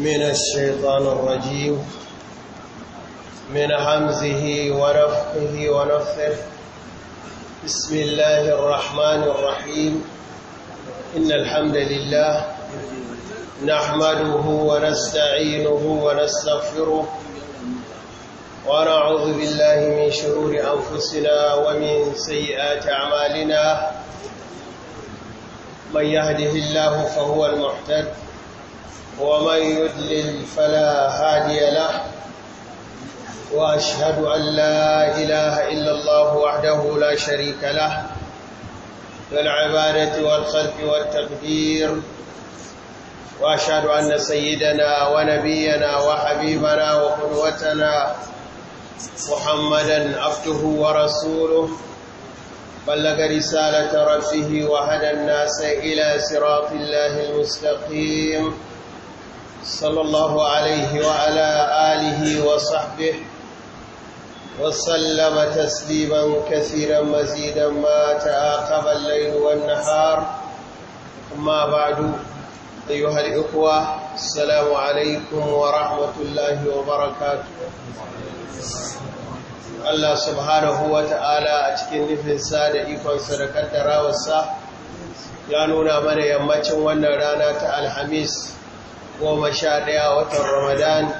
من الشيطان الرجيم من حمزه ورفقه ونفخه بسم الله الرحمن الرحيم إن الحمد لله نحمده ونستعينه ونستغفره ونعوذ بالله من شرور أنفسنا ومن سيئات أعمالنا من يهده الله فهو المحتد ومن يدلل فلا هادي له وأشهد أن لا إله إلا الله وحده لا شريك له في العبادة والخلق والتقدير وأشهد أن سيدنا ونبينا وحبيبنا وقدوتنا محمدا عبده ورسوله بلغ رسالة ربه وهدى الناس إلى صراط الله المستقيم صلى الله عليه وعلى آله وصحبه وسلم تسليما كثيرا مزيدا ما تعاقب الليل والنهار أما بعد أيها الإخوة السلام عليكم ورحمة الله وبركاته Allah subhanahu wa ta'ala a cikin nufinsa da ikonsa da kaddarawarsa ya nuna mana yammacin wannan rana ta Alhamis goma sha ɗaya watan ramadan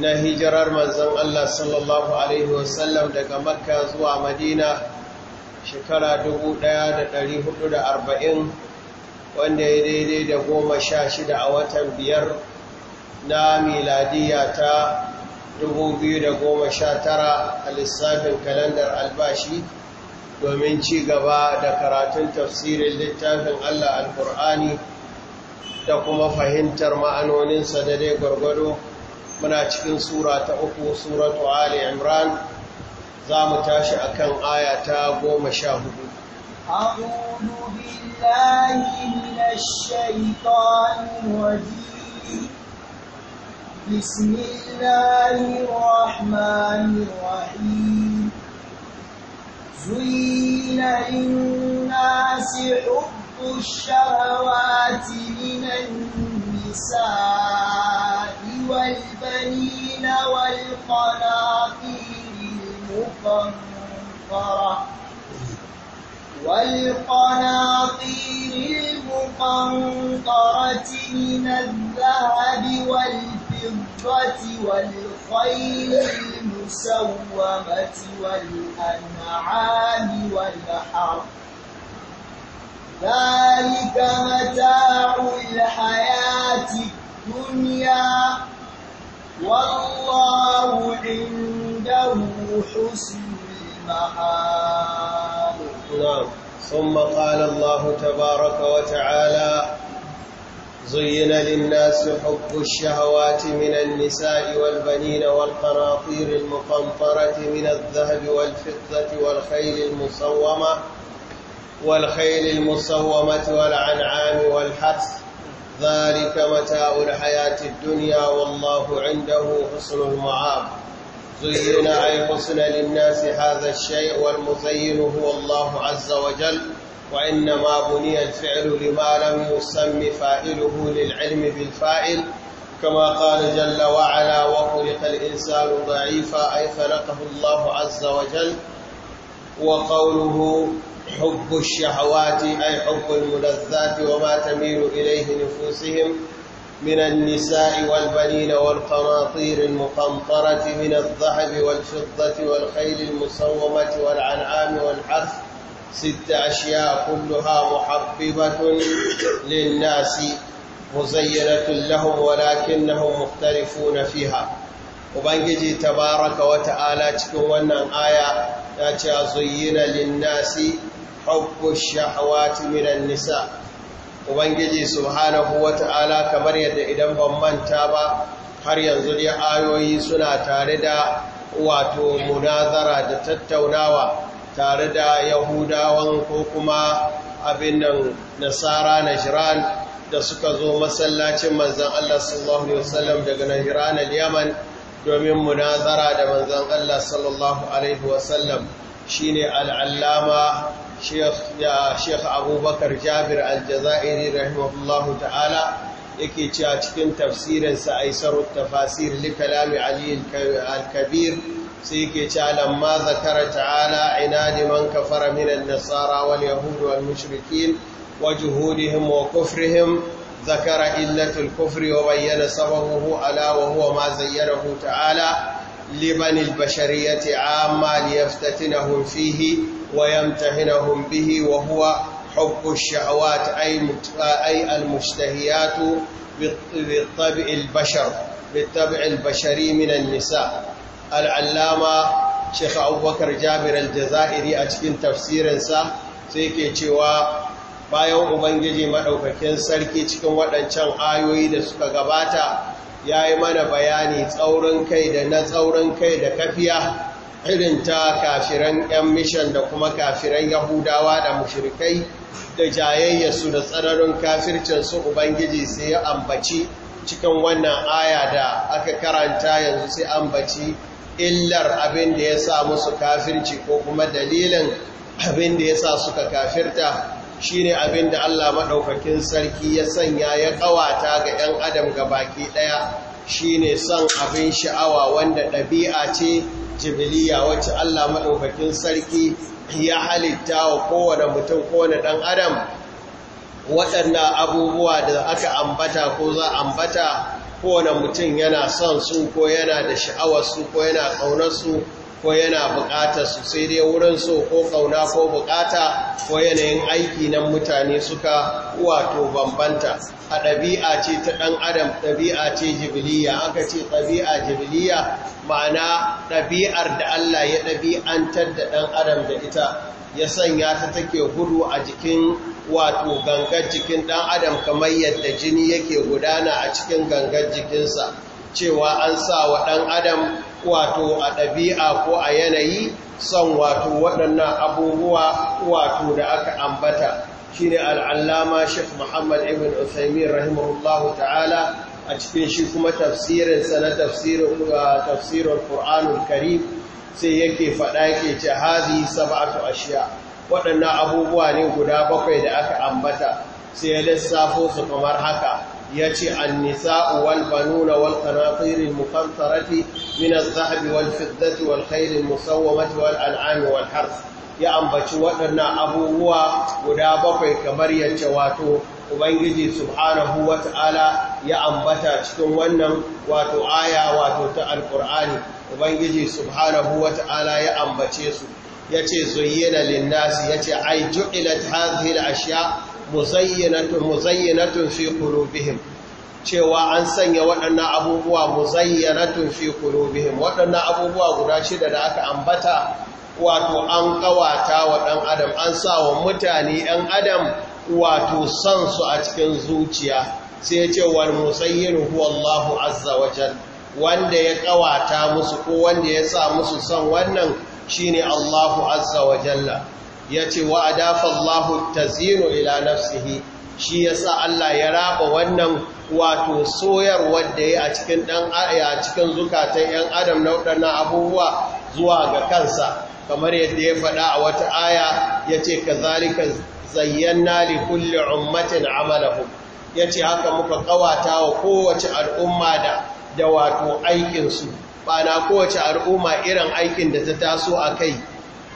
na hijirar manzan Allah sallallahu Alaihi wasallam daga makka zuwa madina shekara 1440 wanda ya daidai da goma sha shida a watan biyar na miladiya ta 2019 a lissafin kalandar albashi domin ci gaba da karatun tafsirin littafin Allah al-Qur'ani da kuma fahimtar ma'anoninsa da dai gwargwado muna cikin sura ta uku suratu ala imran za mu tashi kan aya ta goma sha hudu بسم الله الرحمن الرحيم زين للناس حب الشهوات من النساء والبنين والقناطير المقنطرة والقناطير المقنطرة من الذهب والفضة والخيل المسومة والأنعام والحرث ذلك متاع الحياة الدنيا والله عنده حسن المآب نعم ثم قال الله تبارك وتعالى زين للناس حب الشهوات من النساء والبنين والقناطير المقنطرة من الذهب والفضة والخيل المصومة والخيل المصومة والعنعام والحرث ذلك متاع الحياة الدنيا والله عنده حسن المعاب زين أي حسن للناس هذا الشيء والمزين هو الله عز وجل وإنما بني الفعل لما لم يسم فاعله للعلم بالفاعل كما قال جل وعلا وخلق الإنسان ضعيفا أي خلقه الله عز وجل وقوله حب الشهوات أي حب الملذات وما تميل إليه نفوسهم من النساء والبنين والقناطير المقنطرة من الذهب والفضة والخيل المسومة والعنعام والحرث ست أشياء كلها محببة للناس مزينة لهم ولكنهم مختلفون فيها وبنجي تبارك وتعالى تكون آية زين للناس hubbu shahawati minan nisa ubangiji subhanahu ta'ala kamar yadda idan ban manta ba har yanzu ne ayoyi suna tare da wato munazara da tattaunawa tare da yahudawan ko kuma abin nan nasara jiran da suka zo masallacin manzan Allah sallallahu Alaihi wasallam daga Nahiran al-Yaman domin munazara da manzan Allah sallallahu Alaihi wasallam shi ne al'allama Sheikh Abubakar Jabir Aljazairi rahimahullahu ta'ala yake ci a cikin tafsirin sa Aisarut tafasir li kalami Ali al-Kabir sai yake ci lamma zakara ta'ala 'Ina man kafara min an-nasara wal yahud wal mushrikin wa him wa kufrihim zakara illatul kufri wa bayyana sababahu ala wa huwa ma zayyanahu ta'ala libanil bashariyati amma liyaftatinuhum fihi ويمتهنهم به وهو حب الشهوات أي المشتهيات بالطبع البشر بالطبع البشري من النساء العلامة شيخ أبو بكر جابر الجزائري أتكين تفسير سا سيكي cewa bayan ubangiji madaukakin sarki cikin waɗancan ayoyi da suka gabata ya yi mana bayani tsaurin kai da na tsaurin kai da kafiya irin ta kafiran 'yan mishan da kuma kafiran yahudawa da mashirikai da jayayyarsu da tsananin su ubangiji sai ya ambaci cikin wannan aya da aka karanta yanzu sai ambaci illar abin da ya sa musu kafirci ko kuma dalilin abin da ya sa suka kafirta shi ne abin da Allah maɗaukakin sarki ya sanya ya ƙawata ga ‘yan adam ga baki ɗaya shi ne son abin sha'awa wanda ɗabi'a ce jibiliya wacce Allah maɗaukakin sarki ya halitta wa kowane mutum kowane ɗan adam waɗanda abubuwa da aka ambata ko za ambata kowane mutum yana son su ko yana da sha'awar su ko yana ƙaunar su ko yana buƙatar su sai dai wurin so ko ƙauna ko buƙata ko yanayin aiki nan mutane suka wato bambanta a ɗabi'a ce ta ɗan adam ɗabi'a ce jibiliya aka ce ɗabi'a jibiliya ma'ana ɗabi'ar da Allah ya ɗabi'antar da ɗan adam da ita ya sanya ta take gudu a jikin wato gangar jikin ɗan adam kamar yadda jini yake gudana a cikin gangar jikinsa cewa an sa wa ɗan adam wato a ɗabi'a ko a yanayi son wato waɗannan abubuwa wato da aka ambata shi ne al'allama shek Muhammad Ibn usaimin rahimahullahu ta'ala a cikin shi kuma tafsirinsa na tafsirin Ƙur'anul Karim sai yake faɗa ke ce hazi a ashiya waɗannan abubuwa ne guda bakwai da aka ambata sai ya lissafo su kamar haka ya ce annisa'u wal banuna wal qanatiril muqantarati min az wal fiddati wal khairil musawwamati wal an'ami wal hars ya ambaci waɗannan abubuwa guda bakwai kamar yacce wato ubangiji subhanahu wata'ala ya ambata cikin wannan wato aya wato ta alƙur'ani ubangiji subhanahu wata'ala ya ambace su yace zuyyina linnasi nasi yace ai ju'ilat hadhihi al-ashya' muzayyanatun fi qulubihim cewa an sanya waɗannan abubuwa muzayyanatun fi qulubihim waɗannan abubuwa guda shida da aka ambata wato an ƙawata wa ɗan adam an sa wa mutane ɗan adam wato san su a cikin zuciya sai ya ce wal musayyin huwa Allahu azza wajen wanda ya ƙawata musu ko wanda ya sa musu san wannan shine Allahu azza wajen ya ce wa adafa ta taziru ila nafsihi shi ya sa Allah ya raba wannan wato soyarwar da ya a cikin dan aya cikin zukatan yan adam na wadannan abubuwa zuwa ga kansa kamar yadda ya faɗa a wata aya Ya yace kazalika zayyana li kulli ummatin amalahum ce, haka muka kawata wa kowace al'umma da da wato aikin ba na kowace al'umma irin aikin da ta taso a kai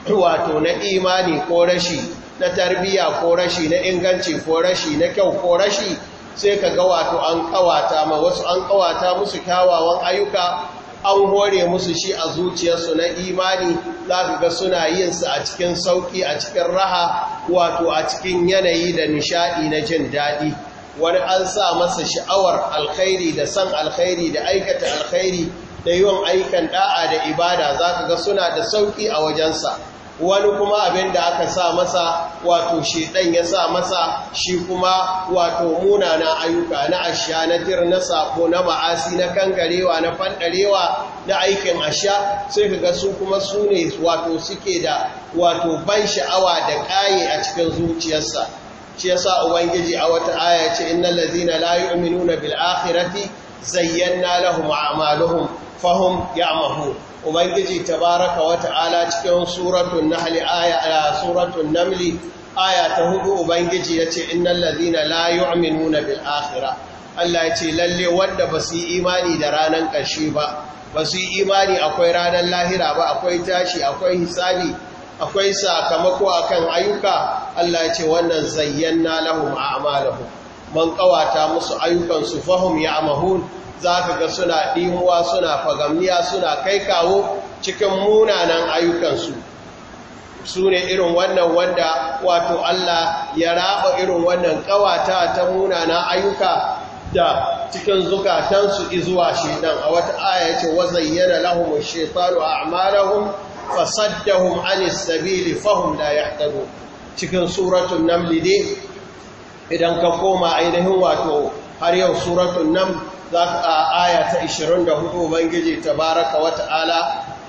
wato na imani ko rashi na tarbiya ko rashi na inganci ko rashi na kyau ko rashi sai ka ga wato an kawata ma wasu an kawata musu kyawawan ayyuka an hore musu shi a zuciyarsu na imani za ka ga suna yin su a cikin sauki a cikin raha wato a cikin yanayi da nishadi na jin daɗi wani an sa masa sha'awar alkhairi da san alkhairi da aikata alkhairi da yawan aikan da'a da ibada za ka ga suna da sauki a wajensa wani kuma abin da aka sa masa wato shedan ya sa masa shi kuma wato munana ayyuka na asha na tir na sako na ma'asi na kangarewa na fandarewa na aikin asha sai ga su kuma su ne wato suke da wato ban sha'awa da kaye a cikin zuciyarsa shi yasa ubangiji a wata aya ce innal ladzina la yu'minuna bil akhirati zayyana lahum a'maluhum fahum ya'mahu ubangiji tabaraka wa ta'ala cikin suratul nahl aya suratul naml aya ta hudu ubangiji yace innal ladina la yu'minuna bil akhirah Allah yace lalle wanda basu imani da ranan kashi ba basu imani akwai ranan lahira ba akwai tashi akwai hisabi akwai sakamako akan ayyuka Allah yace wannan zayyana lahum a'maluhum man kawata musu ayyukansu fahum ya amahun za ka ga suna ɗimuwa suna fagamniya suna kai kawo cikin munanan ayyukansu su ne irin wannan wanda wato Allah ya raba irin wannan kawata ta munanan ayyuka da cikin zukatansu izuwa shedan a wata aya ce wazayyana lahum shaytanu a'malahum fasaddahum anis sabili fahum la yahtadun cikin suratul naml idan ka koma ainihin wato har yau suratun nan za a aya ta 24 ubangiji wata wata'ala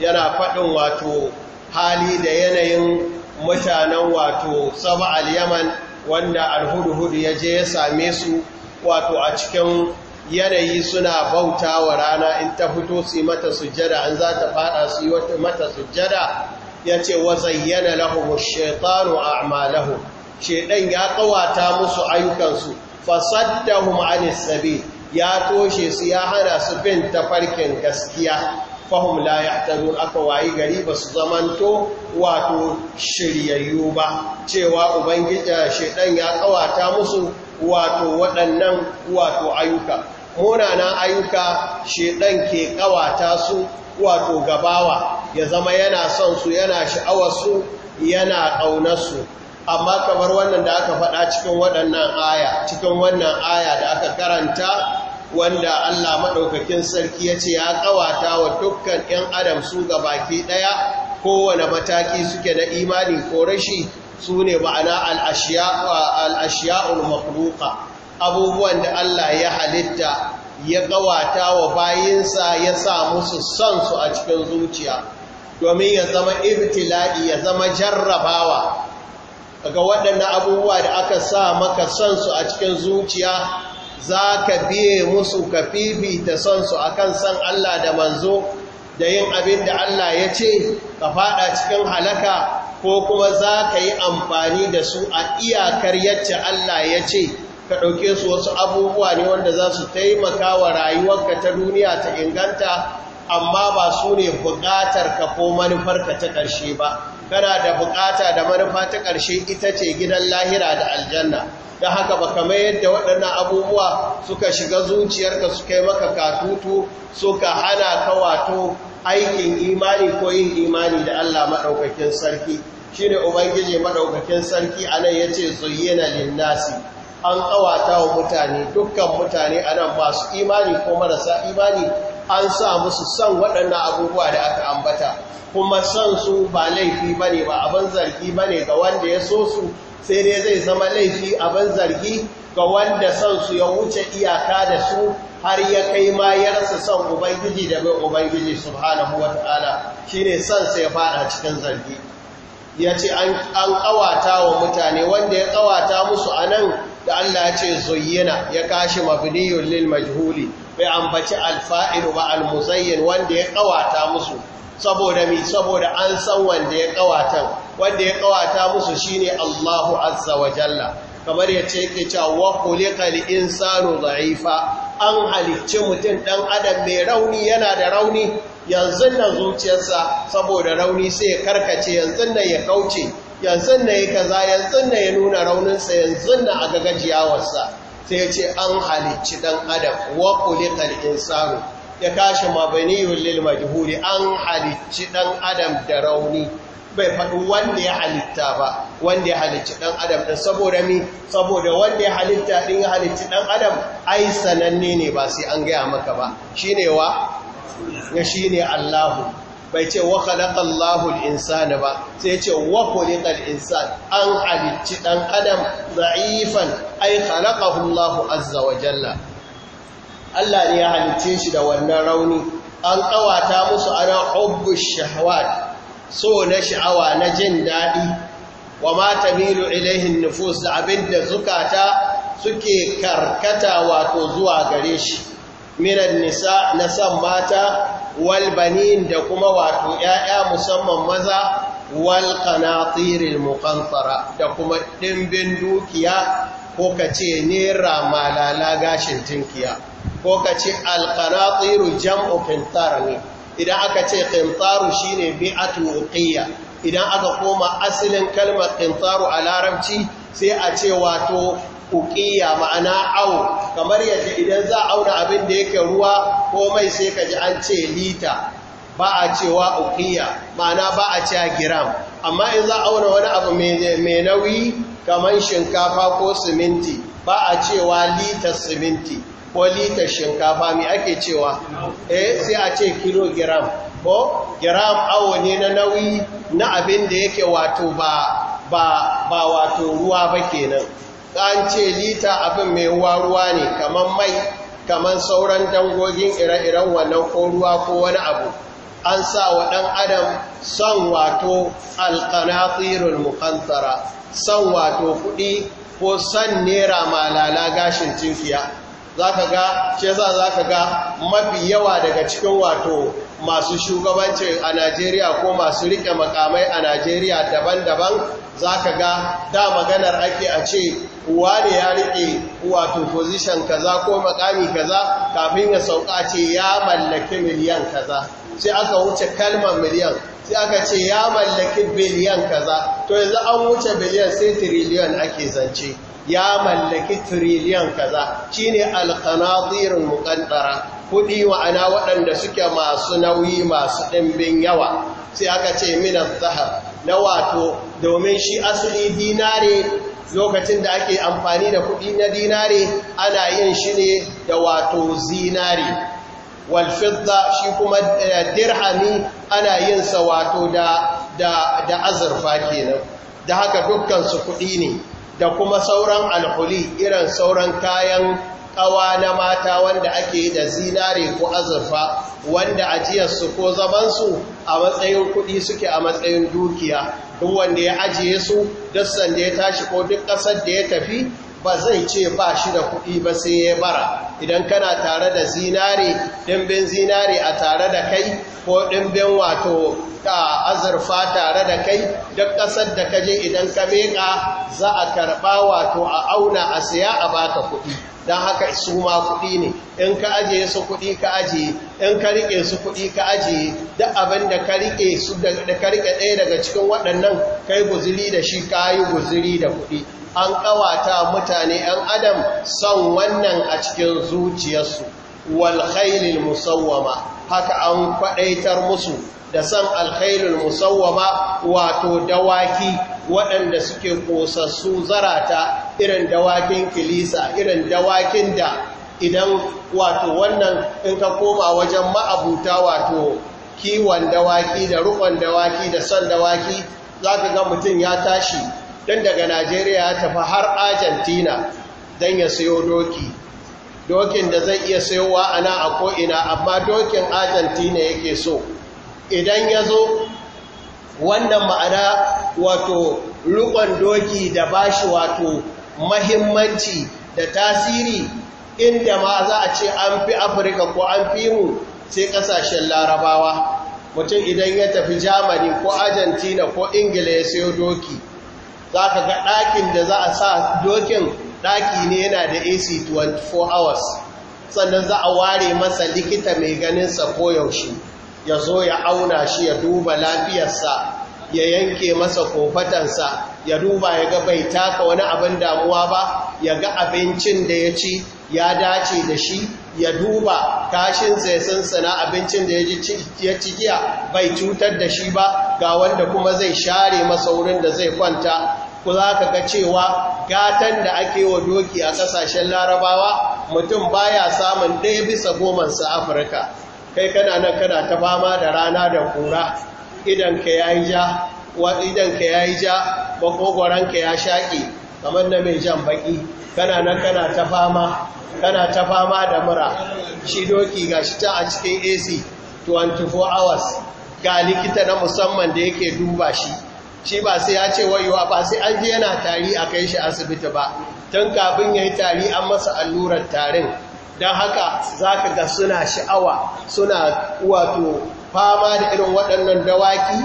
yana faɗin wato hali da yanayin mutanen wato saba al-yaman wanda al hudu ya je ya same su wato a cikin yanayi suna bauta wa rana in ta fito su mata sujjada an za ta fada su mata sujjada ya ce wa zayyana lahu shaitanu a'malahu shedan ya kawata musu ayyukansu fasaddahum anis sabil ya toshe su ya hana su bin tafarkin gaskiya fahum la yahtadun aka wayi gari ba su zamanto wato shiryayyu ba cewa ubangiji eh, shedan ya kawata musu wato waɗannan wato ayyuka Munanan ayyuka shedan ke kawata su wato gabawa ya zama yana son su yana sha'awar su yana aunar su amma kamar wannan da aka faɗa cikin waɗannan aya cikin wannan aya da aka karanta wanda Allah maɗaukakin sarki ya ce ya ƙawata wa dukkan ‘yan adam su ga baki ɗaya kowane mataki suke na imani ko rashi su ne ma'ana al'ashiya'ul makuluka abubuwan da Allah ya halitta ya ƙawata wa bayinsa ya sa musu son su a cikin zuciya domin ya zama ibtila'i ya zama jarrabawa ga waɗannan abubuwa da aka sa maka son su a cikin zuciya za ka biye musu ka ta son su kan son Allah da manzo da yin abin da Allah ya ce ka faɗa cikin halaka ko kuma za ka yi amfani da su a iyakar yacce Allah ya ce ka ɗauke su wasu abubuwa ne wanda za su taimaka wa rayuwarka ta duniya ta inganta amma ba su ne buƙatar ka ko manufarka ta ƙarshe ba kana da bukata da manufa ta ƙarshe ita ce gidan lahira da aljanna da haka ba kamar yadda waɗannan abubuwa suka shiga zuciyarka suka yi maka katutu suka hana kawato aikin imani ko yin imani da Allah maɗaukakin sarki shi ne ubangiji maɗaukakin sarki a nan ya ce na linnasi an ƙawata wa mutane dukkan mutane a nan masu imani ko marasa imani an sa musu san waɗannan abubuwa da aka ambata kuma san su ba laifi ba ne ba abin zargi ba ne ga wanda ya so su sai dai zai zama laifi abin zargi ga wanda san su ya wuce iyaka da su har ya kai ma ya rasa san ubangiji da mai ubangiji subhanahu Shi ne son sai ya fada cikin zargi ya ce an kawata wa mutane wanda ya kawata musu a nan, da Allah ya ce zuyyina ya kashi mabniyun lil majhuli bai ambaci alfa'ilu ba almuzayyar wanda ya kawata musu saboda mi saboda an san wanda ya ƙawata. wanda ya kawata musu shine Allahu azza wa jalla kamar ce ke cewa wa in insanu dha'ifa an halicci mutum ɗan adam mai rauni yana da rauni yanzu na zuciyarsa saboda rauni sai ya karkace yanzu na ya kauce yanzu na ya kaza yanzu na ya nuna rauninsa yanzu na a gagajiyawarsa sai ce an halicci ɗan adam wa kulikal insanu ya kashi mabaniyun lil majhuli an halicci dan adam da rauni bai faɗi wanda ya halitta ba wanda ya halicci ɗan adam ɗin saboda mi saboda wanda ya halitta ɗin ya halicci ɗan adam ai sananne ne ba sai an gaya maka ba shi ne wa ya shi ne allahu bai ce wa khalaqallahu al-insana ba sai ce wa khuliqal insan an halicci ɗan adam da'ifan ai khalaqahu Allah azza wa jalla Allah ne ya halicce shi da wannan rauni an kawata musu ana hubbu shahawat so na sha'awa na jin daɗi wa ma tamilu ilaihin nufus da abinda zukata suke karkata wato zuwa gare shi miran nisa na san mata walbanin da kuma wato ‘ya'ya musamman maza walƙanatiril muƙantara da kuma ɗimbin dukiya ko ka ce nera malala gashin tinkiya ko ka ce alƙanatiru jam'u ƙintar ne idan aka ce ƙintaru shi ne bi'atu uƙiyya idan aka koma asalin kalmar ƙintaru a larabci sai a ce wato uƙiya ma'ana au kamar yadda idan za a auna abin da yake ruwa ko mai sai ka ji an ce lita ba a cewa uƙiya ma'ana ba a cewa giram amma in za a auna wani abu mai nauyi kamar shinkafa ko siminti ba a cewa lita siminti ko lita shinkafa mai ake cewa eh sai a ce kilogiram ko giram awo ne na nauyi na abin da yake wato ba ba wato ruwa ba kenan an ce lita abin mai ruwa ruwa ne kamar mai kamar sauran dangogin ire-iren wannan ko ruwa ko wani abu an sa wa ɗan adam son wato alƙanatirul mukantara son wato kuɗi ko son nera malala gashin cinfiya za ka ga ce za za ka ga mafi yawa daga cikin wato masu shugabanci a najeriya ko masu riƙe makamai a najeriya daban-daban za ka ga da maganar ake a ce ne ya riƙe wato position kaza ko makami kaza kafin ya sauka ce ya mallaki miliyan kaza sai aka wuce kalmar miliyan sai aka ce ya mallaki biliyan kaza to yanzu an wuce biliyan sai tiriliyan ake zance ya mallaki tiriliyan kaza shine alqanadirul muqaddara kudi wa'ana waɗanda suke masu nauyi masu ɗimbin yawa sai aka ce minan zahar na wato domin shi asali dinare lokacin da ake amfani da kuɗi na dinare ana yin shi ne da wato zinare walfidda shi kuma eh, dirhami ana yin sa wato da azurfa kenan da haka dukkansu kuɗi ne da kuma sauran alhuli irin sauran kayan kawa na mata wanda ake da zinare ko azurfa wanda ajiyarsu ko zabansu, a matsayin kuɗi suke a matsayin dukiya duk wanda ya ajiye su duk sanda ya tashi ko duk ƙasar da ya tafi ba zai ce ba shi da kuɗi ba sai ya bara idan kana tare da zinare dimbin zinare a tare da kai ko dimbin wato ka azurfa tare da kai duk ƙasar da kaje idan ka meka za a karɓa wato a auna a siya a baka kuɗi don haka su ma kuɗi ne in ka aje su kuɗi ka ajiye in ka riƙe su kuɗi ka ajiye duk abin da ka riƙe su da ka riƙe ɗaya daga cikin waɗannan kai guziri da shi ka yi guziri da kuɗi an ƙawata mutane ‘yan adam son wannan a cikin zuciyarsu wal khailil musawwama haka an fadaitar musu da san alkhailul musawwama wato dawaki waɗanda suke kosassu zarata irin dawakin kilisa irin dawakin da idan wato wannan in ka koma wajen ma'abuta wato kiwon dawaki da rukon dawaki da son dawaki za ka ga mutum ya tashi don daga najeriya ya tafi har argentina don ya sayo doki dokin da zai iya sayowa a na a ko'ina amma dokin argentina yake so idan ya zo wannan ma'ana wato rukon doki da bashi wato mahimmanci da tasiri inda ma za a ce an fi afirka ko an fi mu sai kasashen larabawa mutum idan ya tafi Jamani ko argentina ko ingila ya sayo doki za ka ga ɗakin da za a sa dokin daki ne yana da ac 24 hours sannan za a ware masa likita mai ganin sa ko yaushe? ya zo ya auna shi ya duba lafiyarsa ya yanke masa kofatansa ya duba ya ga bai taka wani abin damuwa ba ya ga abincin da ya ci ya dace da shi ya duba kashinsa ya sansana abincin da ya ci giya bai cutar da shi ba ga wanda kuma zai share masa wurin da zai kwanta ku za ka ga cewa gatan da ake wa doki a ƙasashen larabawa mutum baya samun ɗaya bisa su afirka kai kana nan kana ta fama da rana da kura ka ya yi ja wa ka ya yi ja ka ya shaƙi kamar na mai jan baƙi kana nan kana ta fama kana ta fama da mura shi doki ga shi ta a cikin ac 24 hours ga likita na musamman da yake duba shi shi ba sai ya ce wayewa ba sai an je yana tari a kai shi asibiti ba tun kafin ya yi tari an masa allurar tarin don haka za ka ga suna sha'awa suna wato fama da irin waɗannan dawaki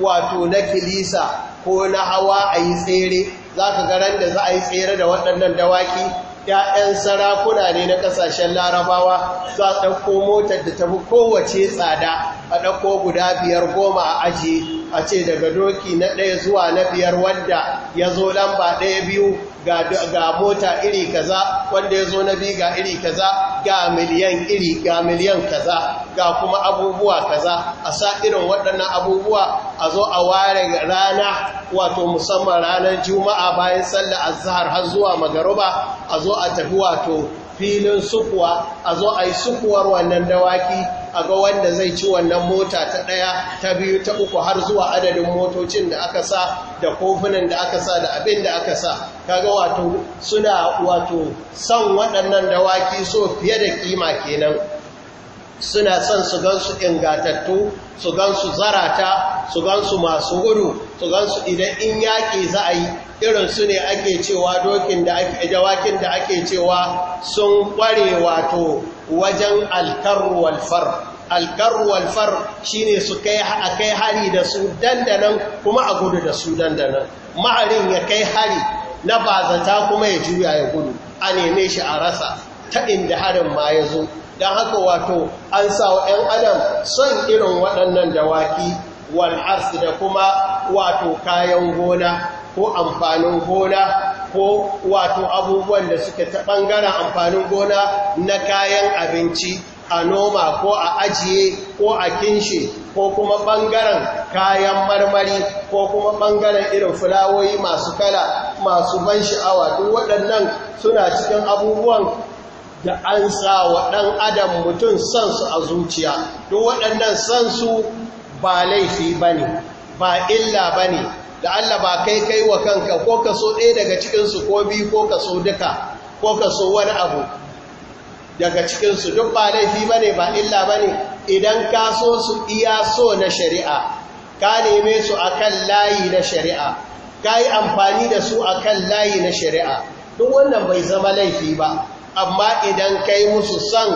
wato na kilisa ko na hawa a yi tsere za ka garan da za a yi tsere da waɗannan dawaki ‘ya'yan sarakuna ne na ƙasashen larabawa za a ɗauko motar da tafi kowace tsada a ɗauko guda biyar goma a ajiye a ce daga doki na ɗaya zuwa na biyar wadda ya zo lamba ɗaya biyu ga mota iri kaza wanda ya zo na biyu ga iri kaza ga miliyan iri ga miliyan kaza ga kuma abubuwa kaza a sa irin waɗannan abubuwa a zo a ware rana wato musamman ranar juma'a bayan sallar azhar har zuwa magaruba a zo a tafi wato filin sukuwa a zo a yi sukuwar wannan dawaki a ga wanda zai ci wannan mota ta ɗaya ta biyu ta uku har zuwa adadin motocin da aka sa da kofunan da aka sa da abin da aka sa kaga wato suna wato son waɗannan dawaki so fiye da kima kenan suna son su gansu ingatattu su gansu zarata su gansu masu gudu su gansu idan in yaƙi za a yi irin su ne ake cewa dokin da ake jawakin da ake cewa sun ƙware wato wajen alkarruwal far shi far shine su kai a kai hari da su dandanan kuma a gudu da su dandanan ma'arin ya kai hari na bazata kuma ya juya ya gudu a neme shi a rasa ta inda harin ma ya zo Da haka wato an sawa 'yan adam son irin waɗannan dawaki wal'arsu da kuma wato kayan gona ko amfanin gona ko wato abubuwan da suke ta ɓangaren amfanin gona na kayan abinci a noma ko a ajiye ko a kinshe ko kuma ɓangaren kayan marmari ko kuma ɓangaren irin fulawoyi masu kala masu ban sha'awa duk waɗannan suna cikin abubuwan da an sa wa ɗan adam mutum sansu a zuciya duk waɗannan sansu ba laifi ba ne ba illa ba ne da Allah ba kai kai wa kanka ko ka so ɗaya daga cikinsu ko biyu ko ka so duka ko ka so wani abu daga cikinsu duk ba laifi ba ne ba illa ba ne idan ka so su iya so na shari'a ka neme su a kan layi na shari'a ka yi amfani da su a kan layi na shari'a duk wannan bai zama laifi ba amma idan kai musu son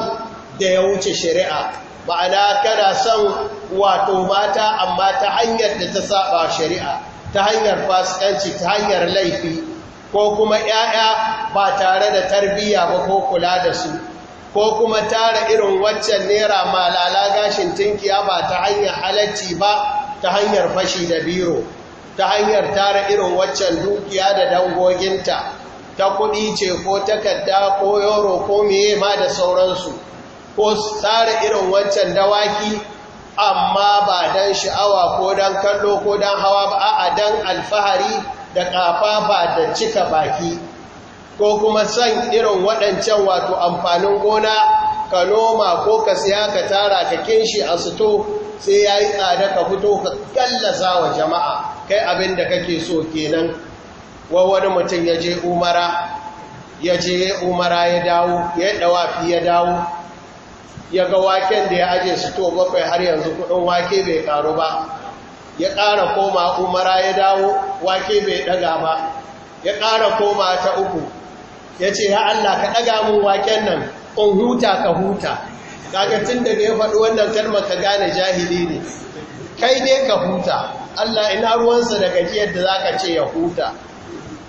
da ya wuce shari'a ma'ana kana son wato mata amma ta hanyar da ta saba shari'a ta hanyar fasikanci ta hanyar laifi ko kuma ‘ya'ya ba tare da tarbiyya ba ko kula da su ko kuma tara irin waccan naira malala gashin tinkiya ba ta hanyar halacci ba ta hanyar fashi da biro ta hanyar tara irin waccan dukiya da dangoginta ta kuɗi ce ko takarda ko yoro ko meye ma da sauransu ko tsara irin wancan dawaki amma ba don sha'awa ko don kallo ko don hawa ba a don alfahari da ba da cika baki ko kuma son irin waɗancan wato amfanin gona ka noma ko ka siya ka tara ka kinshi a suto sai ya yi tsada ka fito ka gallaza wa jama'a kai abin da kake so kenan wa wani mutum ya je umara ya je umara ya dawo ya dawafi ya dawo ya ga waken da ya aje su to bakwai har yanzu kudin wake bai karu ba ya ƙara koma umara ya dawo wake bai daga ba ya ƙara koma ta uku ya ce ya Allah ka daga mu waken nan in huta ka huta kaga tun da ya faɗi wannan kalmar ka gane jahili ne kai ne ka huta Allah ina ruwansa da gajiyar da zaka ce ya huta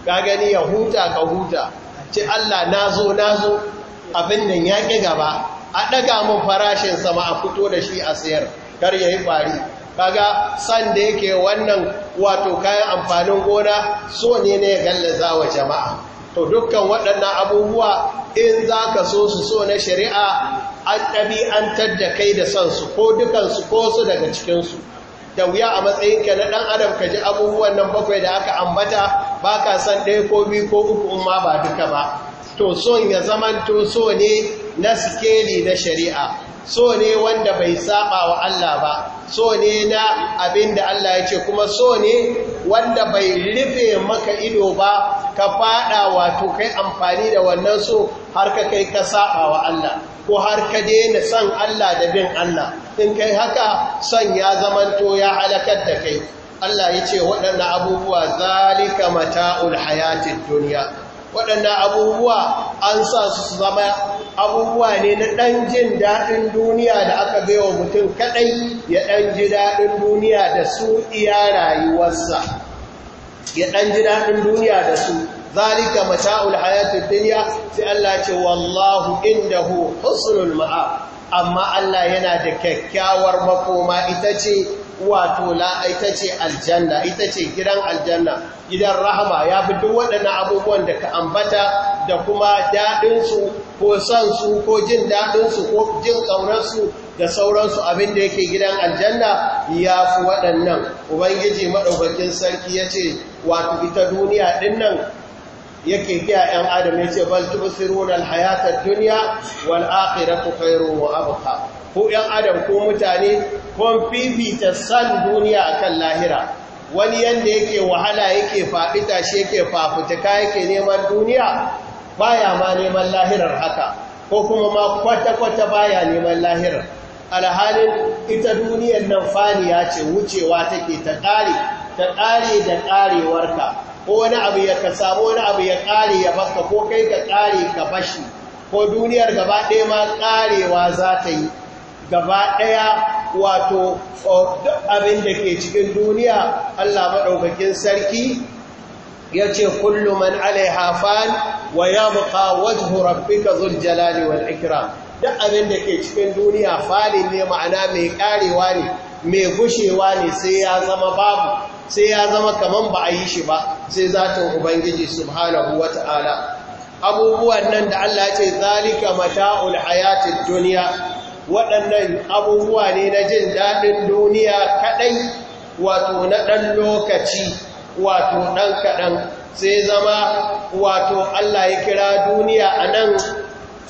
ka gani ya huta ka huta Ci Allah na zo na zo. abin nan ya ƙi gaba a ɗaga mun farashin sama a fito da shi a sayar kar ya yi ƙwari kaga san da yake wannan wato kayan amfanin gona so ne ne ya gallaza wa jama'a to dukkan waɗannan abubuwa in za ka so su so na shari'a an ɗabi'antar da kai da sansu ko dukansu ko su daga cikinsu da wuya a matsayinka na ɗan adam ka ji abubuwan nan bakwai da aka ambata ba ka san ɗaya ko biyu ko uku umma ba duka ba to son ya to so ne na sikeli na shari'a so ne wanda bai saba wa Allah ba so ne na abin da Allah ya ce kuma so ne wanda bai rufe maka ido ba ka fada wato kai amfani da wannan so har ka kai ka saba wa Allah ko har ka daina son Allah da bin Allah in kai haka son ya zamanto ya halakar da kai Allah ya ce waɗannan abubuwa zalika mata'ul hayatin duniya waɗannan abubuwa an sa su zama abubuwa ne na ɗan jin daɗin duniya da aka baiwa mutum kaɗai ya ɗan ji daɗin duniya da su iya rayuwarsa ya ɗan ji daɗin duniya da su zalika mata'ul hayatid dunya sai Allah ce wallahu indahu husnul ma'a amma Allah yana da kyakkyawar makoma ita ce wato la ita ce aljanna ita ce gidan aljanna gidan rahama ya fi duk waɗannan abubuwan da ka ambata da kuma daɗinsu ko san su ko jin daɗinsu ko jin da sauransu abin da yake gidan aljanna ya fi waɗannan ubangiji maɗaukakin sarki ya ce wato ita duniya ɗin nan yake giya ‘yan adam ya ce bal tubsirun alhayatar duniya wal akhiratu khairu wa abqa ko ‘yan adam ko mutane kun fifita san duniya akan lahira wani yanda yake wahala yake faɗi tashi yake fafutuka yake neman duniya baya ma neman lahirar haka ko kuma ma kwata-kwata baya neman lahirar alhalin ita duniyar nan faniya ce wucewa take ta ƙare ta ƙare da ƙarewarka ko wani abu ya ka samu wani abu ya ƙare ya baka ko kai ka ƙare ka bashi ko duniyar gaba ɗaya ma ƙarewa za ta yi gaba ɗaya wato abin da ke cikin duniya Allah maɗaukakin sarki ya ce kullu man alai hafan wa ya buƙa wajhu ka zul jalali wa ikram duk abin da ke cikin duniya fali ne ma'ana mai ƙarewa ne mai gushewa ne sai ya zama babu sai ya zama kamar ba a yi shi ba sai zata ubangiji subhanahu wata'ala abubuwan nan da Allah ce zalika mata'ul hayatid duniya!" waɗannan abubuwa ne na jin daɗin duniya kaɗai wato na ɗan lokaci wato ɗan kaɗan sai zama wato Allah ya kira duniya a nan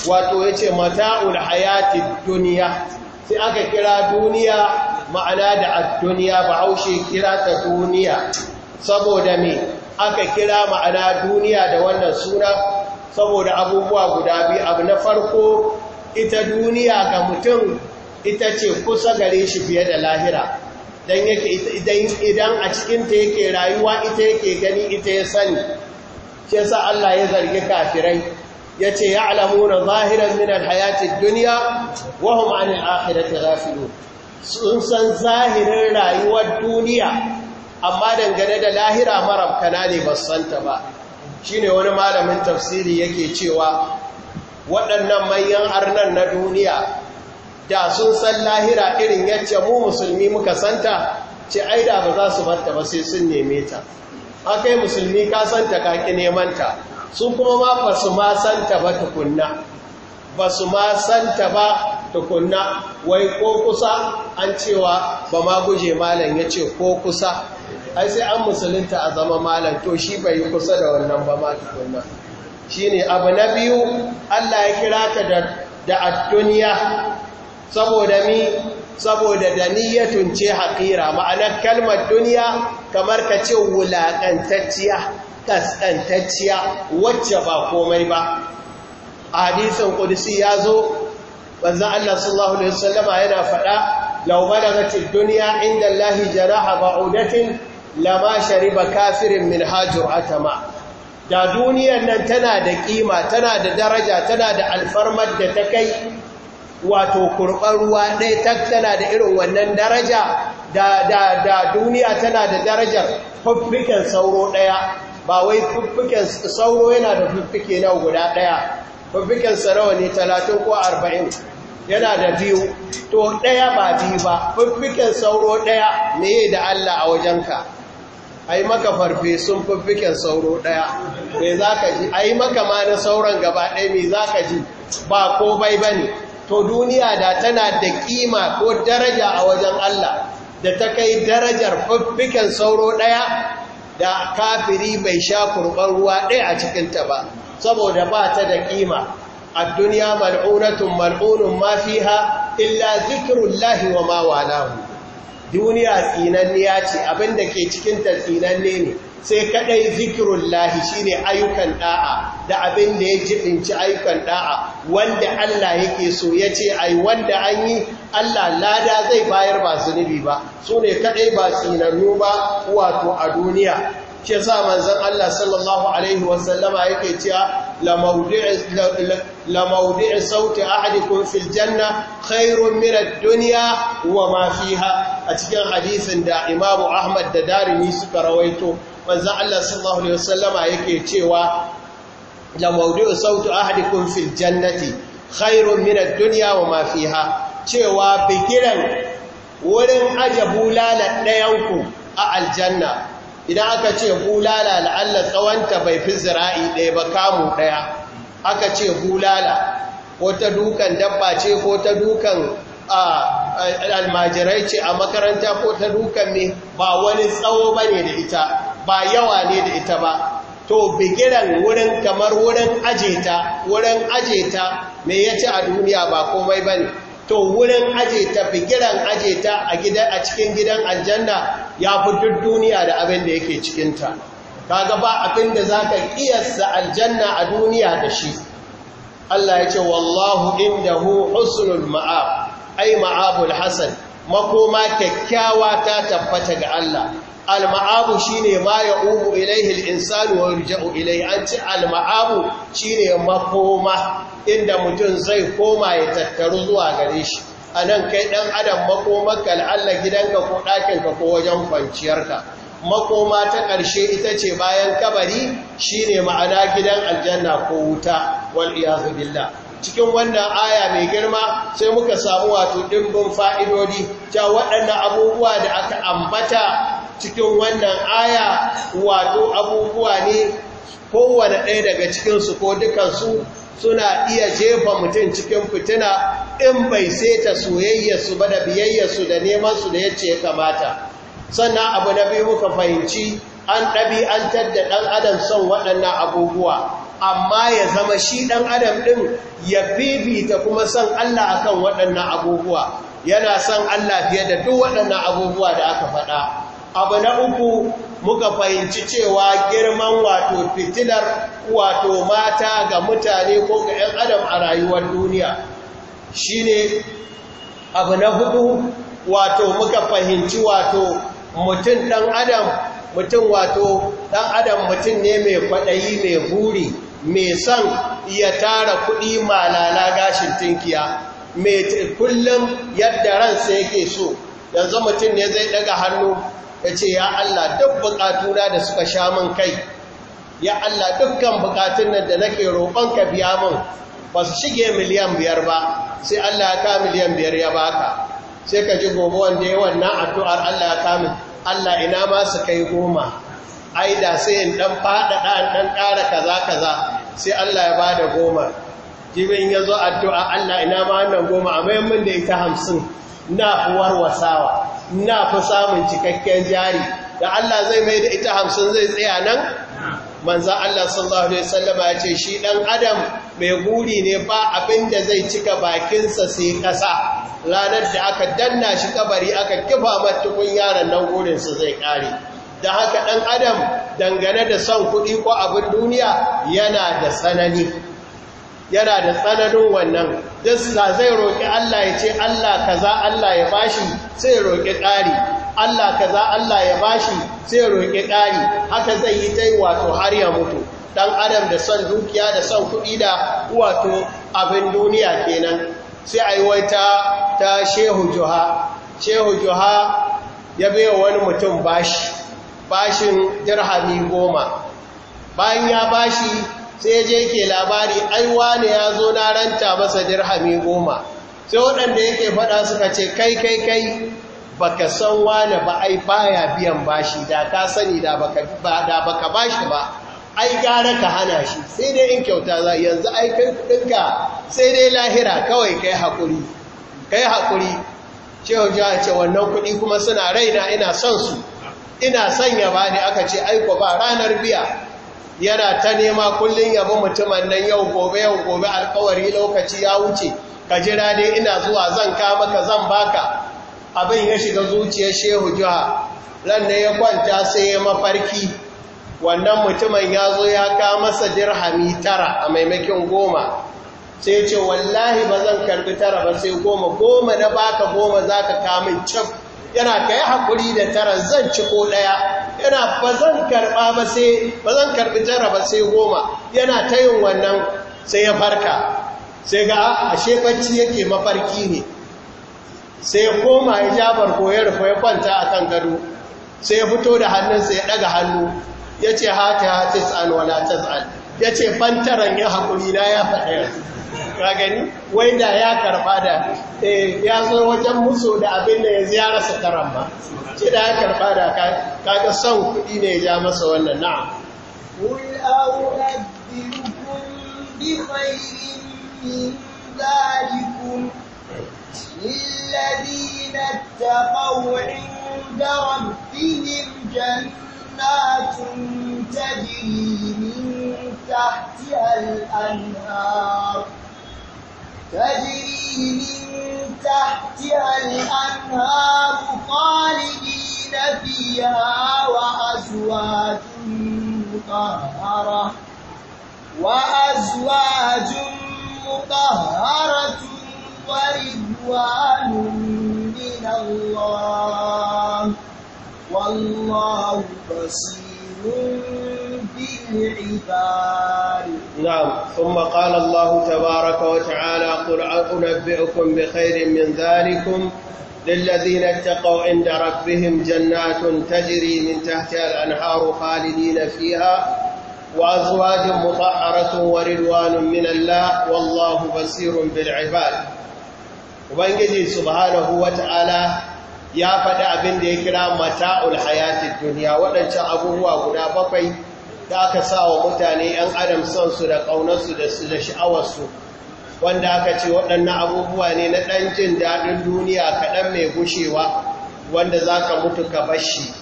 wato ya ce mata'ul hayatid duniya sai aka kira duniya ma'ana da duniya ba haushe kira ta duniya saboda me aka kira ma'ana duniya da wannan suna saboda abubuwa guda biyu abu na farko ita duniya ga mutum ita ce kusa gare shi fiye da lahira don yake idan a cikinta yake rayuwa ita yake gani ita ya sani shi sa Allah ya zargi kafirai ya ce ya alamuna zahiran minar hayatun duniya wahum an al'akhirata gafilu sun san zahirin rayuwar duniya amma dangane da lahira marabkana ne basanta ba shi ne wani malamin tafsiri yake cewa waɗannan manyan arnar na duniya da sun san lahira irin yacce mu musulmi muka santa ce aida ba za su barta ba sai sun neme ta akai musulmi ka santa kaki nemanta su kuma ma ba su ma santa ba tukunna ba su ma santa ba tukunna wai ko kusa an cewa ba ma guje malam ya ce ko kusa ai sai an musulunta a zama malam to shi bai kusa da wannan ba ma tukunna shi ne abu na biyu allah ya kira ka da duniya saboda mi saboda da niyyatun ce haƙira ma'anar kalmar duniya kamar ka ce wulaƙantacciya kaskantacciya wacce ba komai ba a hadisin kudusi ya zo banzan Allah sallallahu Alaihi wasallama yana faɗa laumara zace duniya inda Allah ba ba'udatin lama shariba kafirin min hajjur atama da duniyan nan tana da kima tana da daraja tana da alfarmar da ta kai wato kurɓar ruwa ɗaya ta tana da irin wannan daraja da duniya tana da darajar fafikan sauro ɗaya ba wai fuffuken sauro yana da fuffuke na guda ɗaya fuffuken sarawa ne talatin ko arba'in yana da biyu to ɗaya ba biyu ba fuffuken sauro ɗaya ne da Allah a wajenka a yi maka farfe sun fuffuken sauro ɗaya mai za ka ji a yi maka ma na sauran gaba ɗaya mai za ka ji ba ko bai ba ne to duniya da tana da kima ko daraja a wajen Allah da ta kai darajar fuffuken sauro ɗaya da kafiri bai sha kurban ruwa ɗaya a cikinta ba saboda ba ta da ƙima a duniya mal'unatun mal'unun ma ha illa zikirullahi wa ma walahu duniya ya ce abinda ke cikinta tsinanne ne sai kaɗai lahi shi ne ayyukan ɗa'a da abin da ya jibinci ayyukan ɗa'a, wanda Allah yake so ya yace ai wanda an yi Allah lada zai bayar ba zunubi ba su ne kaɗai ba tsinannu ba wato a duniya ke sa manzan Allah sallallahu Alaihi wasallama yake cewa lamaudi sauti ahadikun fil janna khairun minar duniya wa ha. a cikin hadisin da imamu ahmad da darimi suka rawaito manzan Allah sallallahu Alaihi wasallama yake cewa lamaudi sauti ahadikun fil jannati khairun minar duniya wa ha. cewa bigiran wurin aje bulala ɗayanku a aljanna idan aka ce bulala la'alla tsawonta bai fi zira'i ɗaya ba kamu ɗaya aka ce bulala ko ta dukan dabba ce ko ta dukan almajirai ce a makaranta ko ta dukan ne ba wani tsawo ba ne da ita ba yawa ne da ita ba to bigiran wurin kamar wurin ajeta wurin ajeta mai ya ci a duniya ba komai ba ne to wurin aje ta figiran aje ta a gida a cikin gidan aljanna ya fi duk duniya da abin da yake cikinta kaga ba abin da za ka kiyasta aljanna a duniya da shi Allah ya ce wallahu indahu husnul ma'ab ai ma'abul hasan makoma kyakkyawa ta tabbata ga Allah Alma'abu maabu shine ma ubu ilayhi al-insanu wa an ce Alma'abu maabu shine makoma inda mutum zai koma ya tattaru zuwa gare shi A nan kai ɗan adam makomarka Allah gidanka ko ɗakinka ko wajen kwanciyarka makoma ta ƙarshe ita ce bayan kabari shine ma'ana gidan aljanna ko wuta wal iyazu billah cikin wannan aya mai girma sai muka samu wato dimbin fa'idodi ta waɗannan abubuwa da aka ambata cikin wannan aya wato abubuwa ne kowane ɗaya daga cikinsu ko dukansu suna iya jefa mutum cikin fitina in bai seta soyayyarsu ba da biyayyarsu da nemansu da yace ya kamata sannan abu na biyu muka fahimci an ɗabi'antar da ɗan adam son waɗannan abubuwa amma ya zama shi ɗan adam ɗin ya bibita kuma son Allah akan waɗannan abubuwa yana son Allah fiye da duk waɗannan abubuwa da aka faɗa abu na uku muka fahimci cewa girman wato fitilar wato mata ga mutane ko ga 'yan adam a rayuwar duniya shi ne. abu na hudu wato muka fahimci wato mutum ɗan adam mutum wato ɗan adam mutum ne mai kwaɗayi mai buri mai son ya tara kuɗi malala gashin tinkiya mai kullum yadda ransa yake so yanzu mutum ne zai ɗaga hannu ya ce ya Allah duk bukatuna da suka sha min kai ya Allah dukkan bukatun nan da nake roƙon ka biya min ba su shige miliyan biyar ba sai Allah ya ka miliyan biyar ya baka sai ka ji gobe wanda ya wannan addu'ar Allah ya kamun Allah ina ma su kai goma ai da sai in dan faɗaɗa in dan ƙara kaza kaza sai Allah ya ba da goma jibin ya zo addu'a Allah ina ma wannan goma a mayan da ita hamsin na warwasawa na fi samun cikakken jari da Allah zai mai da ita hamsin zai tsaya nan manza Allah sallallahu Alaihi wasallama ce shi ɗan adam mai guri ne ba abinda zai cika bakinsa sai ƙasa ranar da aka danna shi kabari aka kifa matukun yaran nan gurinsa zai ƙare da haka ɗan adam dangane da son kuɗi ko abin duniya yana da tsanani yana da tsananin wannan dissa zai roƙi Allah ya ce Allah ka za Allah ya bashi sai roƙi ƙari Allah ka za Allah ya bashi sai roƙi ƙari haka zai yi tai wato har ya mutu dan adam da son dukiya da son kuɗi da wato abin duniya kenan sai ai yi ta shehu juha shehu juha ya bai wani mutum bashi bashin dirhami goma bayan ya bashi sai je ke labari ai wane ya zo na ranta masa dirhami goma sai waɗanda yake faɗa suka ce kai kai kai ba ka san wane ba ai baya biyan bashi da ka sani da baka ka bashi ba ai gara ka hana shi sai dai in kyauta za yanzu ai kai kudinka sai dai lahira kawai kai hakuri kai hakuri shehu jiha ce wannan kudi kuma suna raina ina son su ina sanya bani aka ce aiko ba ranar biya yana ta nema kullum yabi mutumin nan yau gobe yau gobe alkawari lokaci ya wuce ka jira dai ina zuwa zan ka maka zan baka abin ya shiga zuciyar shehu juha ran ne ya kwanta sai ya mafarki wannan mutumin ya zo ya ka masa dirhami tara a maimakon goma sai ce wallahi ba zan karbi tara ba sai goma goma na baka goma za ka kamun cif yana kai hakuri da tara zan ci ko daya yana ba zan karba ba sai ba karbi tara sai goma yana ta yin wannan sai ya farka sai ga ashe bacci yake mafarki ne sai ya koma ya ja barko ya rufe ya kwanta akan gado sai ya fito da hannunsa ya ɗaga hannu ya ce hata wala tsan ya ce fantaran ya haƙuri na ya faɗa ka gani wai da ya karba da eh, ya zo wajen musu da abin da ya ziyara su karan ba ce da ya karba da ka ga son kuɗi ne ya ja masa wannan na'a للذين اتقوا عند ربهم جنات تجري من تحتها الأنهار تجري من تحتها الأنهار خالدين فيها وأزواج مطهرة وأزواج مطهرة ورضوان من الله والله بصير في العباد نعم ثم قال الله تبارك وتعالى قل أنبئكم بخير من ذلكم للذين اتقوا عند ربهم جنات تجري من تحتها الأنهار خالدين فيها وأزواج مطهرة ورلوان من الله والله بصير بالعباد وبنجي سبحانه وتعالى ya faɗi abin da ya kira mata'ul hayatid duniya waɗancan abubuwa guda bakwai da aka sa wa mutane 'yan adam son su da ƙaunarsu da su da sha'awarsu wanda aka ce waɗannan abubuwa ne na ɗan jin daɗin duniya kaɗan mai gushewa wanda za ka mutu ka bashi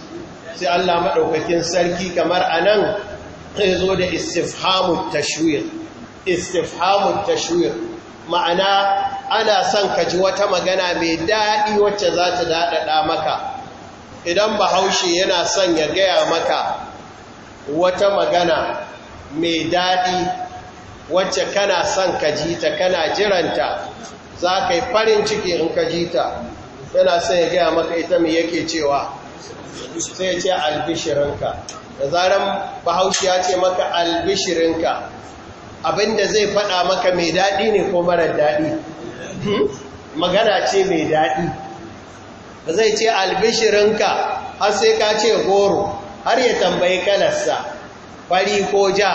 sai Allah maɗaukakin sarki kamar a nan zai zo da istifhamun tashwir istifhamun tashwir ma'ana ana son ka ji wata magana mai daɗi wacce za ta daɗaɗa maka idan bahaushe yana son ya gaya maka wata magana mai daɗi wacce kana son ka ji ta kana jiranta za ka yi farin ciki in ka ji ta yana son ya gaya maka ita mai yake cewa sai ce albishirinka da zaren bahaushe ya ce maka albishirinka Abin da zai faɗa maka mai daɗi ne ko marar daɗi hmm? magana ce mai daɗi ba zai ce albishirinka har sai ka ce goro har ya tambayi kalarsa fari ko ja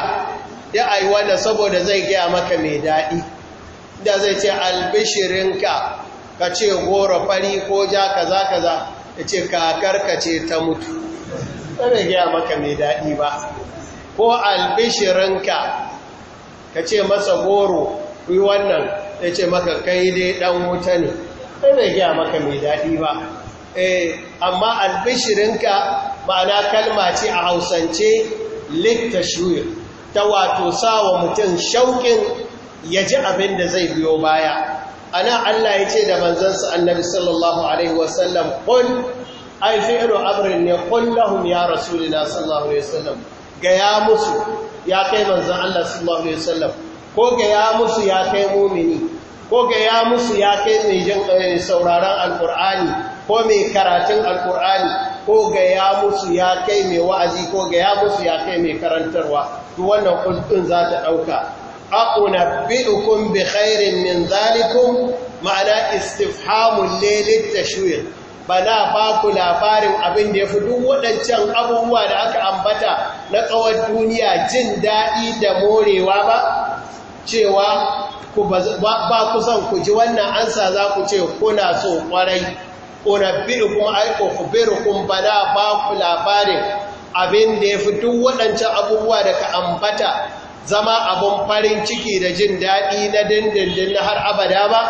a ai wanda saboda zai gaya maka mai daɗi da zai ce albishirinka ka ce goro fari ko ja kaza kaza ya ce kakar ka ce ta mutu ba zai gaya maka mai daɗi ba ko albishirinka ka ce masa goro kuyi wannan ya ce maka kai dai dan wuta ne sai bai gaya maka mai daɗi ba eh, amma albishirin albishirinka ma'ana kalma ce a hausance littashwir ta wato sa wa mutum shauƙin ya ji abin da zai biyo baya ana Allah ya ce da manzansa annabi sallallahu alaihi wasallam kun ai fi'lu abirin ne kun lahum ya rasulina sallallahu alaihi wasallam ga ya musu ya kai manzan Allah sallallahu alaihi wasallam ko ga ya musu ya kai mumini ko ga ya musu ya kai mai eh, sauraron alkur'ani ko mai karatun alkur'ani ko ga ya musu ya kai mai wa'azi ko ga ya musu ya kai mai karantarwa duk wannan kullun za ta dauka aquna bi'ukum bi khairin min zalikum ma'ana istifhamul lilitashwir ba na ba ku labarin abin da ya fi duk waɗancan abubuwa da aka ambata na tsawon duniya jin daɗi da morewa ba cewa ba ku son ku ji wannan ansa za ku ce kuna so ƙwarai aiko ku ukhbirukum kun ba ku labarin abin da ya fi duk waɗancan abubuwa da ka ambata zama abin farin ciki da jin daɗi na dindindin har abada ba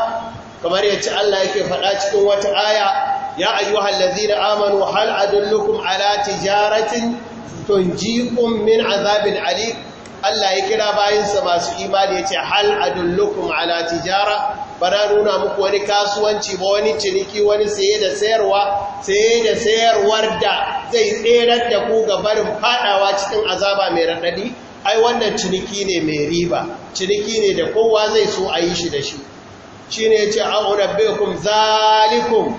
kamar yace Allah yake faɗa cikin wata aya يا أيها الذين آمنوا هل أدلكم على تجارة تنجيكم من عذاب عليك Allah ya kira bayansa masu imani ya ce hal adullukum ala tijara bara nuna muku wani kasuwanci ba wani ciniki wani saye da sayarwa saye da sayarwar da zai tserar da ku ga barin fadawa cikin azaba mai raɗaɗi ai wannan ciniki ne mai riba ciniki ne da kowa zai so a yi shi da shi shine yace a'urabbikum zalikum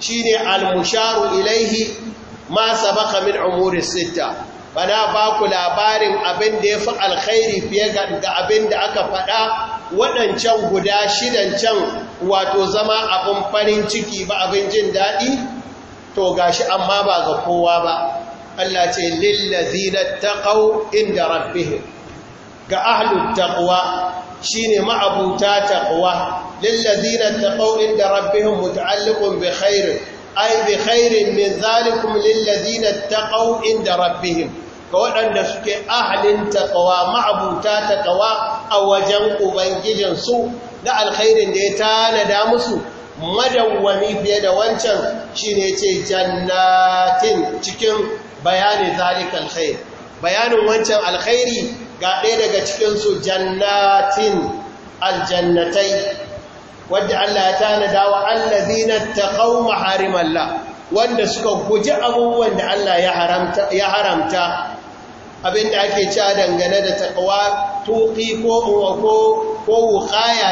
shine al-musharu ilaihi ma sabaka min umuri sita bana ba ku labarin abin da ya fi alkhairi fiye ga abin da aka faɗa waɗancan guda shidan can wato zama abin farin ciki ba abin jin daɗi to gashi amma ba ga kowa ba Allah ce lillazina taqaw inda rabbihim ga ahlul taqwa shine ma'abuta taqwa للذين اتقوا إن ربهم متعلق بخير أي بخير من ذلك للذين اتقوا إن ربهم kawadan da suke ahlin taqwa ma'abuta taqwa a wajen ubangijin su na alkhairin da ya tana da musu madawami fiye da wancan shine ce jannatin cikin bayani zalikal khair bayanin wancan alkhairi ga daya daga cikin su jannatin aljannatai wadda Allah ya tanada wa allazina taqaw maharimallah wanda suka guji abubuwan da Allah ya haramta ya haramta abinda ake cewa dangane da taqwa tuqi ko ko ko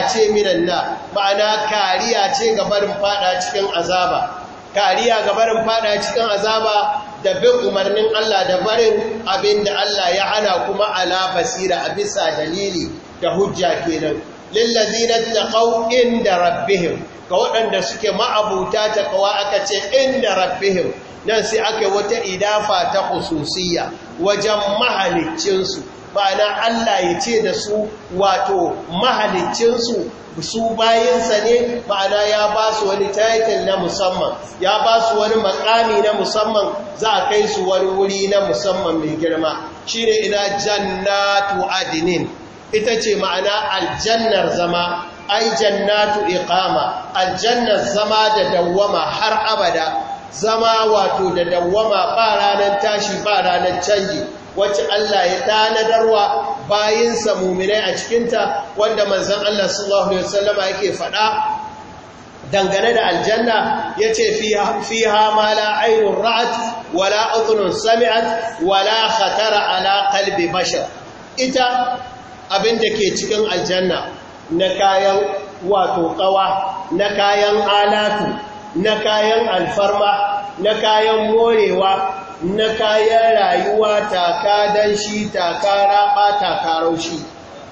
ce minan na ma'ana kariya ce ga barin fada cikin azaba kariya ga barin fada cikin azaba da bin umarnin Allah da barin abin da Allah ya hana kuma ala basira a bisa dalili da hujja kenan lillazina taqaw inda rabbihim ga waɗanda suke ma'abuta taqwa aka ce inda rabbihim nan sai aka wata idafa ta khususiyya wajen mahalicin su na Allah ya ce da su wato mahalicin su su bayansa ne ma'ana ya ba su wani title na musamman ya ba su wani makami na musamman za a kai su wani wuri na musamman mai girma shi ne ina jannatu adinin ita ce ma'ana aljannar zama ai jannatu iqama aljannar zama da dawwama har abada zama wato da dawwama ba ranar tashi ba ranar canji wacce Allah ya tanadarwa bayinsa muminai a cikinta wanda manzon Allah sallallahu alaihi wasallama yake faɗa dangane da aljanna ya ce fiha ma la ra'at wala udhunun sami'at wala khatara ala bashar ita Abinda ke cikin aljanna na kayan wato kawa na kayan alatu na kayan alfarma na kayan morewa na kayan rayuwa taka danshi taka raba taka raushi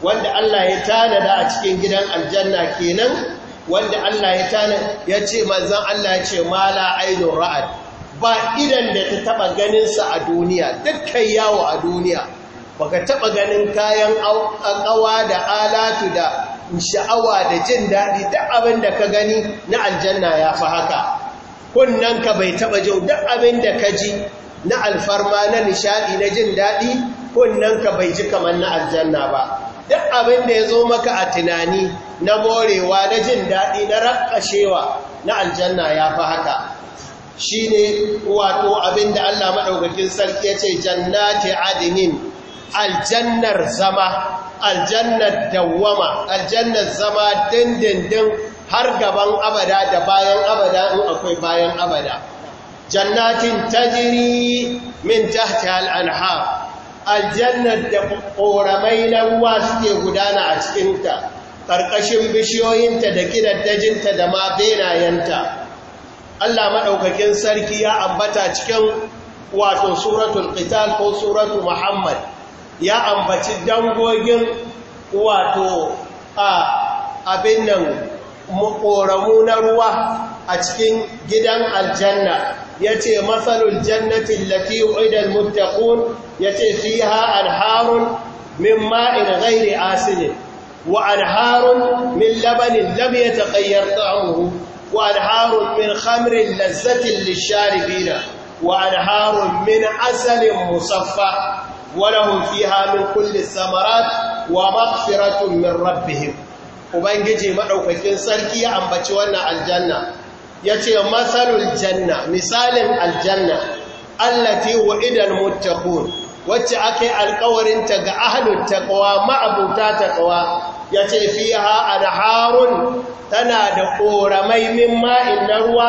wanda Allah ya tanada a cikin gidan aljanna kenan wanda Allah ya tana ya ce manzan Allah ya ce mala ainun ra'ad ba idan da ta taba ganinsa a duniya dukkan yawo a duniya baka taba ganin kayan kawa da alatu da sha'awa da jin daɗi duk abin da ka gani na aljanna ya fi haka kunnan ka bai taba jin duk abin da ka ji na alfarma na nishaɗi na jin daɗi kunnan ka bai ji kamar na aljanna ba duk abin da ya zo maka a tunani na borewa na jin daɗi na rakashewa na aljanna ya fi haka shi ne wato abinda da Allah maɗaukakin sarki ya ce jannati adinin aljannar zama aljannar dawwama aljannar zama dindindin har gaban abada da bayan abada in akwai bayan abada jannatin tajri min tahti anha aljannar da ƙoramai na ruwa suke gudana a cikinta ƙarƙashin bishiyoyinta da gidaddajinta da ma benayenta Allah maɗaukakin sarki ya ambata cikin wato suratul qital ko suratul muhammad ya ambaci dangogin wato a abin nan ƙoramu na ruwa a cikin gidan aljanna ya ce matsalul jannatin lafi uidal muttaqun ya ce fi ha alharun min ma'in gairi asini wa alharun min labanin labiya ta ƙayyar ta'amuhu wa alharun min hamrin lazzatin bina wa alharun min asalin musaffa ولهم فيها من كل الثمرات ومغفرة من ربهم ubangiji madaukakin sarki ya ambaci wannan aljanna yace masalul janna misalin aljanna allati wa'idal muttaqun wacce ake alƙawarin ta ga ahlul taqwa ma'abuta taqwa yace fiha anharun tana da koramai min ma'in na ruwa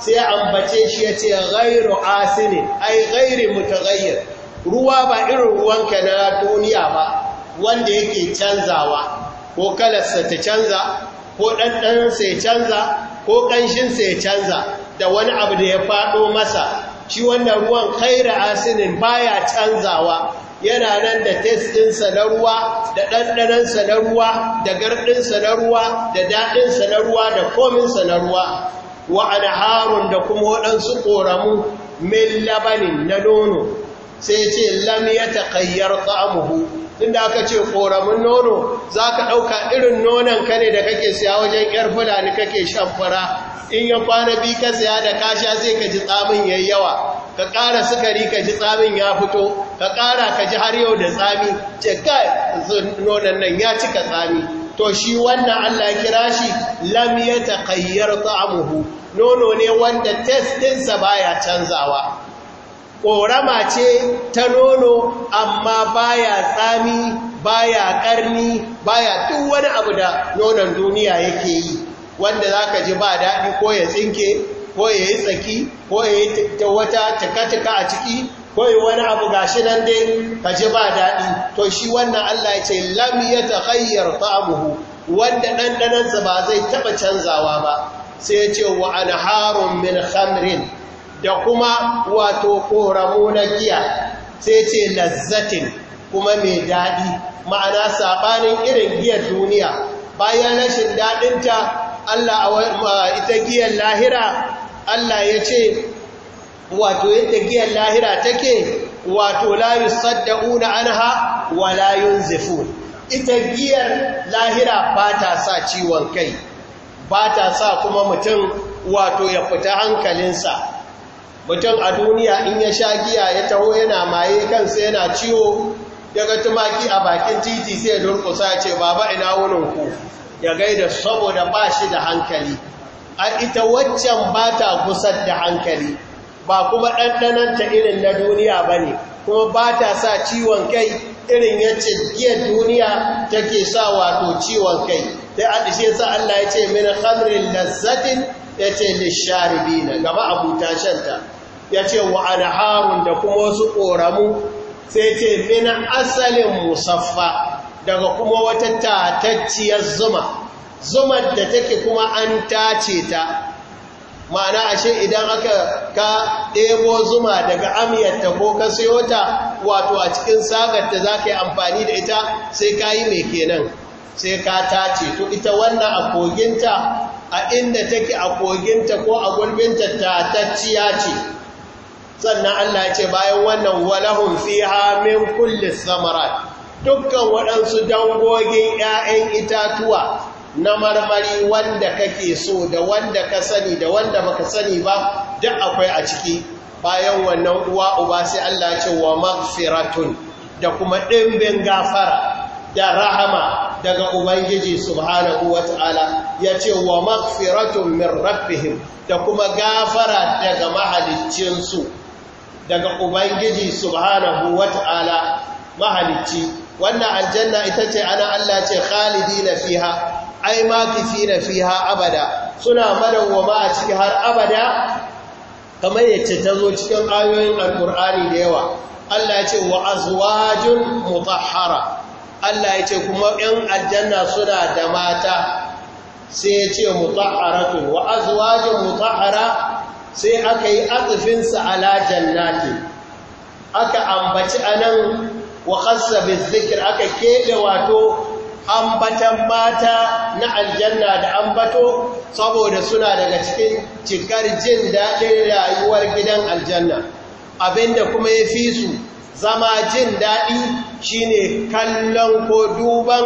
sai ambace shi yace ghairu asinin ai ghairi mutaghayyir ruwa ba irin ruwanka na duniya ba wanda yake canzawa ko kalarsa ta canza ko ɗanɗansa ya canza ko ƙanshinsa ya canza da wani abu da ya faɗo masa shi wannan ruwan kaira asinin baya canzawa yana nan da testinsa na ruwa da ɗanɗanansa na ruwa da gardinsa na ruwa da daɗinsa na ruwa da kominsa na ruwa wa harun da kuma waɗansu ƙoramu min labanin na nono sai ce lam ya taƙayyar ta'amuhu inda aka ce ƙoramin nono za ka ɗauka irin nonon ka ne da kake siya wajen ƴar fulani kake shan fura in ya kwana bi ka siya da kasha sai ka ji tsamin yi yawa ka ƙara sukari ka ji tsamin ya fito ka ƙara ka ji har yau da tsami ce kai nonon nan ya cika tsami to shi wannan Allah kira shi lam ya taƙayyar ta'amuhu nono ne wanda test ɗinsa baya canzawa ƙorama ce ta nono amma baya tsami baya ƙarni baya duk wani abu da nonon duniya yake yi wanda za ka ji ba daɗi ko ya tsinke ko ya yi tsaki ko ya yi wata cika-cika a ciki ko yi wani abu ga shi nan dai ka ji ba daɗi to shi wannan Allah ya ce lam ya ta hanyar ta'amuhu wanda ɗanɗanansa ba zai taɓa canzawa ba sai ya ce wa Harun min khamrin da kuma wato ƙoramu na giya sai ce lazzatin kuma mai daɗi ma'ana saɓanin irin giyar duniya bayan rashin daɗinta Allah ita giyar lahira Allah ya ce wato yadda giyar lahira take wato layu na anha wa layun zifun ita giyar lahira ba ta sa ciwon kai ba ta sa kuma mutum wato ya fita hankalinsa mutum a duniya in ya sha giya ya taho yana maye kansa yana ciwo ga tumaki a bakin titi sai ya durkusa ce baba ina wunin ku ya gaida saboda ba shi da hankali a ita waccan ba ta kusa da hankali ba kuma ɗanɗananta irin na duniya ba ne kuma ba ta sa ciwon kai irin ya yacce giyar duniya take sa wato ciwon kai sai adishe sa Allah ya ce min khamrin lazzatin ya ce lishari na gaba abuta shanta ya ce wa anharun da kuma wasu ƙoramu sai ce mina asalin musaffa daga kuma wata tatacciyar zuma zuma da take kuma an tace ta ma'ana ashe idan aka ka ɗebo zuma daga amiyarta ko ka sayo ta wato a cikin ta za ka yi amfani da ita sai ka yi mai kenan sai ka tace to ita wannan a koginta a inda take a koginta ko a gulbinta tatacciya ce sannan Allah ce bayan wannan walahun fi min kullum samara dukkan waɗansu dangogin 'ya'yan itatuwa na marmari wanda kake so da wanda ka sani da wanda baka sani ba duk akwai a ciki bayan wannan uwa uba sai Allah ce wa magfiratun da kuma ɗimbin gafara da rahama daga ubangiji subhanahu wa ta'ala ya ce wa magfiratun min rabbihim da kuma gafara daga mahaliccinsu daga ubangiji subhanahu wata'ala mahalicci wannan aljanna ita ce ana Allah ce na fiha ai na fiha abada suna madawwama a ciki har abada kamar yace ta zo cikin ayoyin alkur'ani da yawa Allah ya ce wa azwajun mutahhara Allah ya ce kuma yan aljanna suna da mata sai ya ce mutahharatun wa azwajun mutahhara sai aka yi atsufinsa ala jannati aka ambaci anan wa khassa bizikr aka keɓe wato ambatan mata na aljanna da ambato saboda suna daga cikin cikar jin daɗin rayuwar gidan aljanna abinda kuma ya fi su zama jin daɗi shine kallon ko duban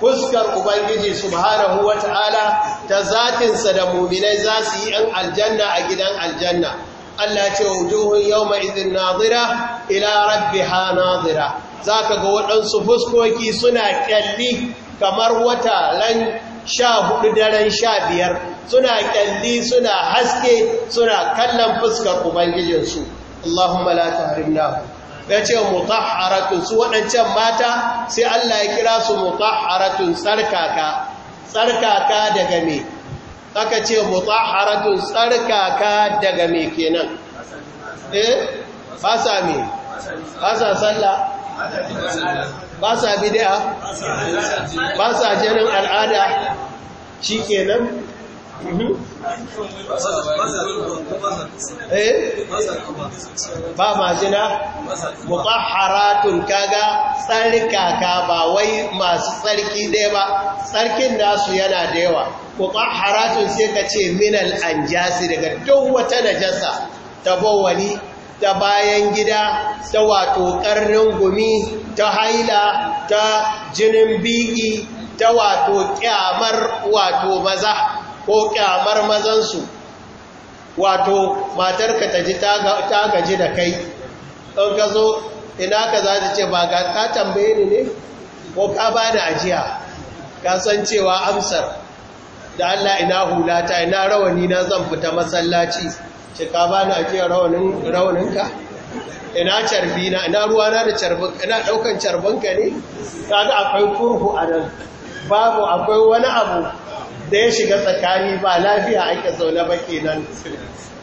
fuskar ubangiji subhanahu ta'ala, ta zatinsa da muminai za su yi yan aljanna a gidan aljanna Allah ce wujuhun yawma idin nazira ila rabbiha nazira zaka ga waɗansu fuskoki suna ƙyalli kamar wata lan sha hudu daren sha biyar suna ƙyalli, suna haske suna kallon fuskar ubangijinsu Allahumma la tahrimnahu ya ce mutahharatun su waɗancan mata sai Allah ya kira su mutahharatun tsarkaka tsarkaka daga me aka ce mutahharatun tsarkaka daga me kenan eh ba sa me ba sa sallah ba sa bid'a ba sa jinin al'ada shikenan Eh? ba majina mutahharatun kaga tsarkaka ba wai masu tsarki ɗaya ba tsarkin nasu yana da yawa mutahharatun sai ka ce minal anjasi daga duk wata najasa ta bawani ta bayan gida ta wato karnin gumi ta haila ta jinin biki ta wato kyamar wato maza ko kyamar mazansu wato matarka ta ji ta gaji da kai ɗan ka zo ina ka za ta ce ba ga ka tambaye ni ne ko ka ba da ajiya ka san cewa amsar da Allah ina ta ina rawani na zan fita masallaci ce ka ba da ajiya rawaninka ina carbi na ina ruwa na da carbin ina daukan carbinka ne ka ga akwai kurhu a nan babu akwai wani abu da ya shiga tsakani ba lafiya ake zaune ba ke nan.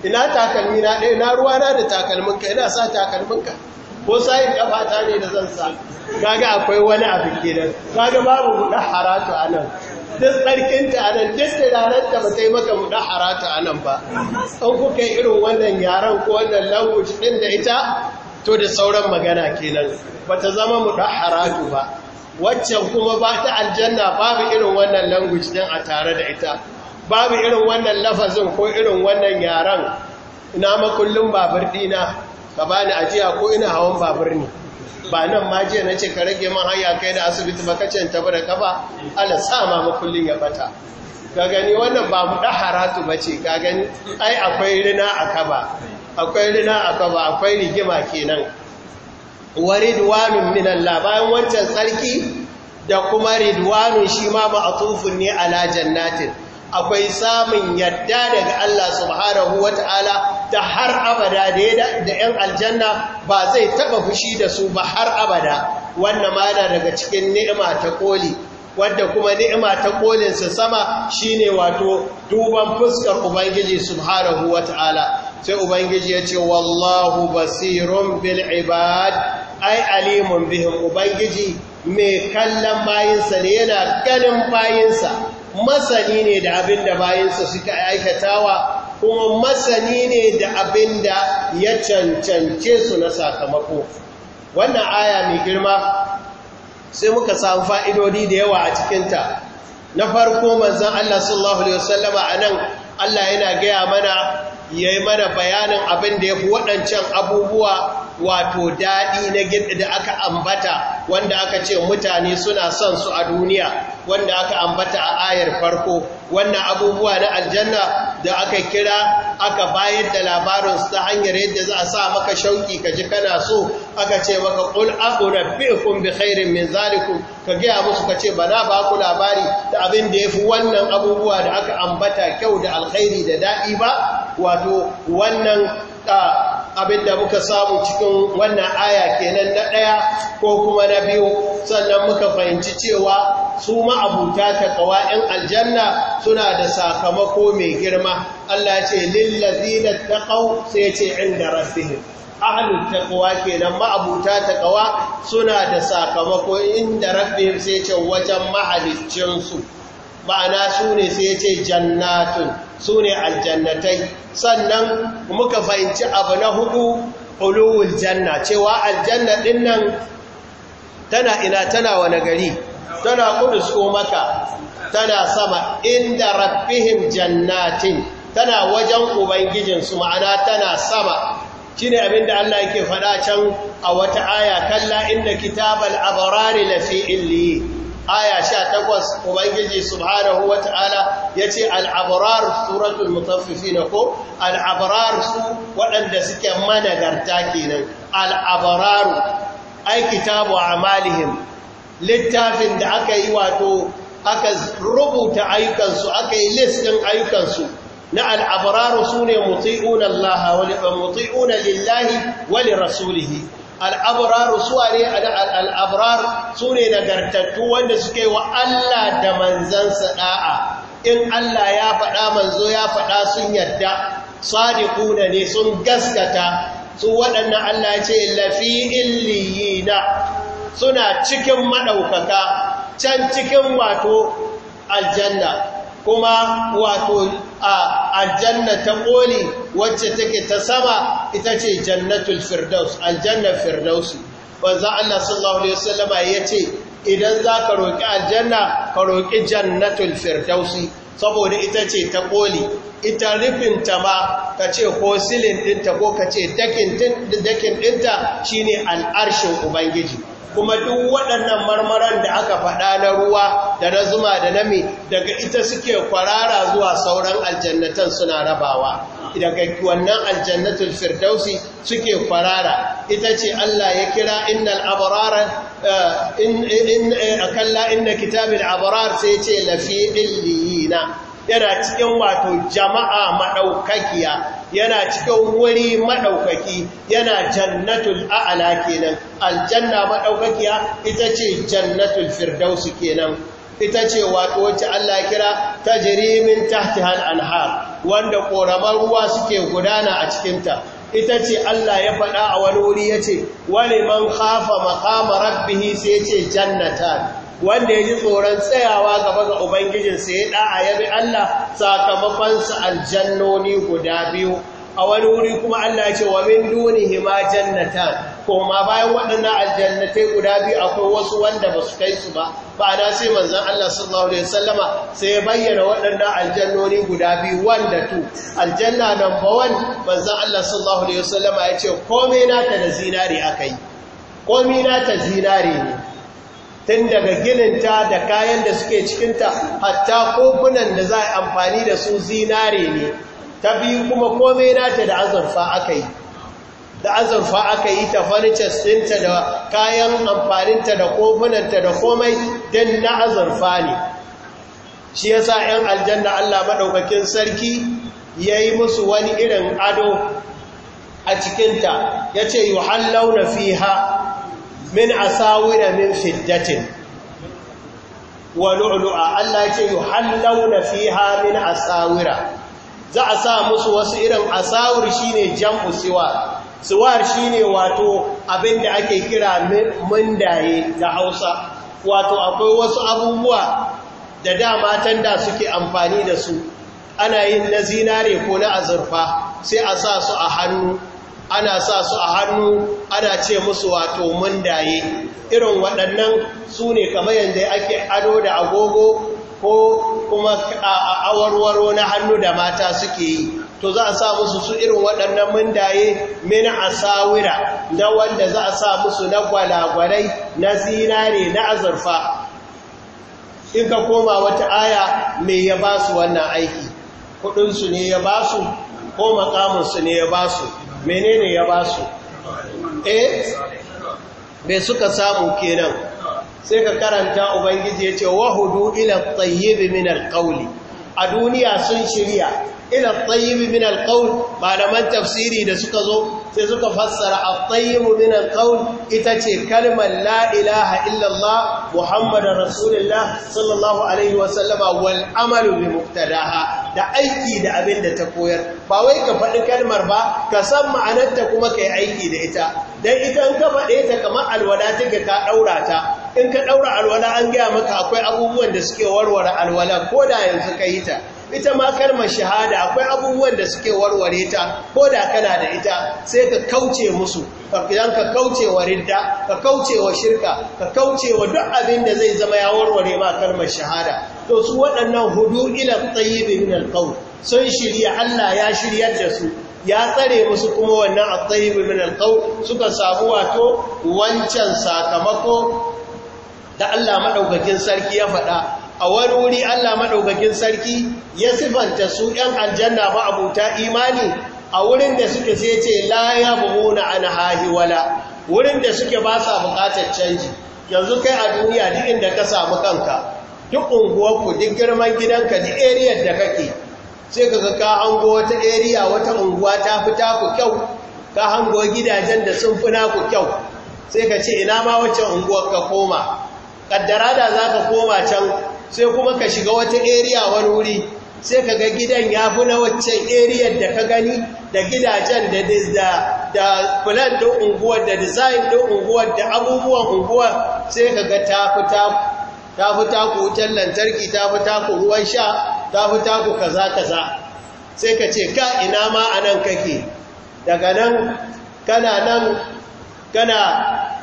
ina takalmi na ɗaya na ruwa na da takalminka ina sa takalminka ko sayin ƙafata ne da zan sa gaga akwai wani abu kenan gaga babu buɗa haratu a nan duk tsarkinta a nan duk da da ba sai maka buɗa haratu a nan ba an kuka irin wannan yaren ko wannan language ɗin da ita to da sauran magana kenan ba ta zama muɗe haratu ba waccan kuma ba ta aljanna babu irin wannan language din a tare da ita babu irin wannan lafazin ko irin wannan yaran ina makullin babur dina ka bani ajiya ko ina hawan babur ne ba nan ma jiya na ce ka rage man haya kai da asibiti ba ka canta ba da kafa ma ma makullin ya bata ka gani wannan ba mu daharatu bace ka gani ai akwai rina a kaba akwai rina a kaba akwai rigima kenan wa ridwanun bayan wancan tsarki da kuma ridwanun shi ma ma'atufun ne ala jannatin akwai samun yadda daga Allah subhanahu wata'ala ta har abada da ‘yan aljanna ba zai taba fushi da su ba har abada wannan ma yana daga cikin ni'ima ta koli wadda kuma ni'ima ta kolinsa sama shine wato duban fuskar ubangiji subhanahu wata'ala sai ubangiji ya ce wallahu basirun bil ibad ai alimun bihin ubangiji mai kallon bayinsa ne yana ganin bayinsa masani ne da abin da bayinsa suka aikatawa kuma masani ne da abin da ya cancance su na sakamako wannan aya mai girma sai muka samu fa'idodi da yawa a cikinta na farko manzan Allah sallallahu Alaihi wasallama a nan Allah yana gaya mana ya yi mana bayanin abin da ya fi waɗancan abubuwa wato daɗi na gid da aka ambata wanda aka ce mutane suna son su a duniya wanda aka ambata a ayar farko wannan abubuwa na aljanna da aka kira aka bayar da labarinsu ta hanyar yadda za a sa maka shauki ka ji kana so aka ce maka ƙul abu rabbikum bi khairin min zalikum ka gaya musu ka ce ba ba ku labari da abin da ya fi wannan abubuwa da aka ambata kyau da alkhairi da daɗi ba wato wannan ah, Abin da muka samu cikin wannan aya kenan na ɗaya ko kuma na biyu sannan muka fahimci cewa su ma'abuta ta ƙawa'in aljanna suna da sakamako mai girma Allah ce lillazina taqaw sai ce inda rabbihim ahlul taqwa kenan ma'abuta ƙawa suna da sakamako inda rabbi sai ce wajen mahaliccin ma'ana su ne sai ce jannatun su ne aljannatai sannan muka fahimci abu na hudu ulowul janna cewa aljanna din nan tana ina tana wani gari tana kudu su maka tana sama inda rabbihim jannatin tana wajen ubangijinsu ma'ana tana sama shi ne abinda Allah yake faɗa can a wata aya kalla inda kitabal abarari lafi illiyi aya 18 ubangiji subhanahu wataala yace al-abrar suratul mutaffifin ko al-abrar su waɗanda suke managarta kenan al-abrar ai kitabu amalihim littafin da aka yi wato aka rubuta ayyukansu aka yi listin ayyukansu na al-abrar sune muti'una Allah wa muti'una lillahi wa lirasulihi al'abrar su ne al'abrar su ne nagartattu wanda suke wa Allah da manzan sada’a in Allah ya faɗa manzo ya faɗa sun yadda da ne sun gaskata su waɗannan Allah ya ce lafi na suna cikin maɗaukaka can cikin wato aljanna kuma wato a aljanna ta ƙoli wacce take ta sama ita ce jannatul firdaus aljannar firdausi wanzan Allah sallallahu Alaihi wasallama ya ce idan za ka roƙi aljanna ka roƙi jannatul firdausi saboda ita ce ta ƙoli ita rufinta ma ka ce ko silin ɗinta ko ka ce dakin ɗinta shi ne al'arshin ubangiji kuma duk waɗannan marmaran da aka faɗa na ruwa da na zuma da na mai daga ita suke kwarara zuwa sauran aljannatan suna rabawa daga wannan aljannatul firdausi suke kwarara ita ce Allah ya kira innal abrara eh, in eh, akalla inna kitabil abrar sai ce lafi illiyina yana cikin wato jama'a maɗaukakiya yana cikin wuri maɗaukaki yana jannatul a'ala kenan aljanna maɗaukakiya ita ce jannatul firdausi kenan ita ce wato wacce Allah kira ta jirimin tahtihal anhar wanda ƙoramar ruwa suke gudana a cikinta ita ce Allah ya faɗa a wani wuri ya ce wani man kafa makama rabbihi sai ce jannatar." wanda ya ji tsoron tsayawa gaba ga ubangijinsa ya ɗa'a ya bi Allah sakamakonsa aljannoni guda biyu a wani wuri kuma Allah ce wa min duni hima jannatan koma bayan waɗannan aljannatai guda biyu akwai wasu wanda ba su kai su ba ba na sai manzan Allah sallallahu alaihi sallama sai ya bayyana waɗannan aljannoni guda biyu wanda tu aljanna number 1 manzon Allah sallama ya ce komai da zinari akai komai ta zinari ne tun daga gininta da kayan da suke cikinta hatta kofunan da za a amfani da su zinare ne ta biyu kuma komai nata da azurfa aka yi da azurfa aka yi ta furnitures ɗinta da kayan amfaninta da kofunanta da komai don na azurfa ne shi ya sa ‘yan aljanna Allah maɗaukakin sarki ya yi musu wani irin ado a cikinta ya ce yi hallau na fiha min asawira min fiddatin wa lu'lu'a Allah yake yuhallawna fiha min asawira za a sa musu wasu irin asawir shine jam'u siwa siwar shine wato abinda ake kira mundaye da Hausa wato akwai wasu abubuwa da dama tanda suke amfani da su ana yin na zinare ko na azurfa sai a sa su a hannu ana sa su a hannu ana ce musu wato mundaye irin waɗannan su ne kamar yadda ake ado da agogo ko kuma a awarwaro na hannu da mata suke yi to za a sa musu su irin waɗannan mundaye min asawira na wanda za a sa musu na gwalagwalai na zinare na azurfa in ka koma wata aya me ya ba su wannan aiki kudinsu ne ya ba su ko makamunsu ne ya ba su menene ya ba su eh bai suka samu kenan sai ka karanta ubangiji ya ce wahudu ila tayyibi min alqawli a duniya sun shirya ila at-tayyib min al malaman tafsiri da suka zo sai suka fassara at-tayyib min al ita ce kalmar la'ilaha illallah illa Allah muhammadar rasulullah sallallahu alaihi wa sallama wal amalu bi muqtadaha da aiki da abin da ta koyar ba wai ka faɗi kalmar ba ka san ma'anarta kuma ka yi aiki da ita don ita in ka faɗe ta kamar alwala take ka ɗaura ta in ka ɗaura alwala an gaya maka akwai abubuwan da suke warware alwala ko da yanzu ka yi ta ita ma kalmar shahada akwai abubuwan da suke warware ta ko da kana da ita sai ka kauce musu idan ka kauce wa ridda ka kauce wa shirka ka kauce wa duk abin da zai zama ya warware ma kalmar shahada to su waɗannan hudu ila tsayyibi min alqaul sun shirya Allah ya shiryar da su ya tsare musu kuma wannan at-tayyib min alqaul suka samu wato wancan sakamako da Allah madaukakin sarki ya faɗa a wani wuri Allah maɗaukakin sarki ya sifanta su ‘yan aljanna ba abuta imani a wurin da suke sai ce la ya buhuna an hahiwala wurin da suke ba sa buƙatar canji yanzu kai a duniya duk inda ka samu kanka duk unguwarku duk girman gidanka duk eriyar da kake sai ka ka hango wata eriya wata unguwa ta fi ku kyau ka hango gidajen da sun fi naku kyau sai ka ce ina ma wacce unguwar ka koma kaddara da za ka koma can sai kuma ka shiga wata area wani wuri sai ka ga gidan ya fi na waccan area da ka gani da gidajen da plan da unguwar da design da unguwar da abubuwan unguwar sai ka ga ta fi taku wutar lantarki ta fi taku ruwan sha ta fi taku kaza-kaza sai ka ce ka ina ma a nan kake daga nan kana nan kana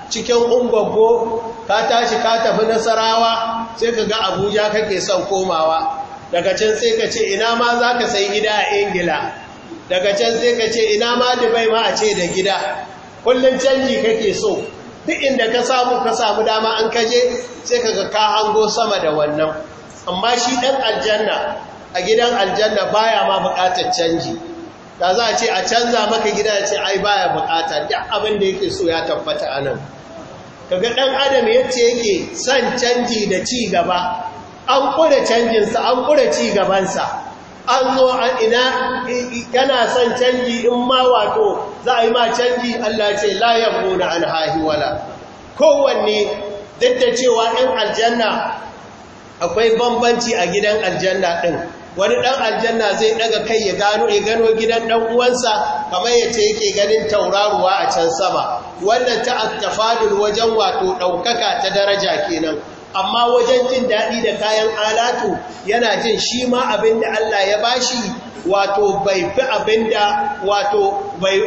cikin ungwaggo ka tashi ka tafi nasarawa sai ka ga abuja kake son komawa daga can sai ka ce ina ma za ka sai gida a ingila daga can sai ka ce ina ma dubai ma a ce da gida kullum canji kake so duk inda ka samu ka samu dama an kaje sai ka ga ka hango sama da wannan amma shi dan aljanna a gidan aljanna baya ma bukatar canji da za a ce a canza maka gida ya ce ai baya bukata duk abin da yake so ya tabbata a nan kaga ɗan adam yace yake san canji da ci gaba an canjin canjinsa an kure ci sa an zo an ina kana son canji in ma wato za a yi ma canji Allah ce layan yabuna an wala. kowanne duk da cewa ɗin aljanna akwai bambanci a gidan aljanna ɗin wani ɗan aljanna zai ɗaga kai ya gano ya gano gidan ɗan uwansa kamar ce yake ganin tauraruwa a can sama wannan ta attafadul wajen wato ɗaukaka ta daraja kenan amma wajen jin daɗi da kayan alatu yana jin shi ma abin da Allah ya bashi wato bai fi abin da wato bai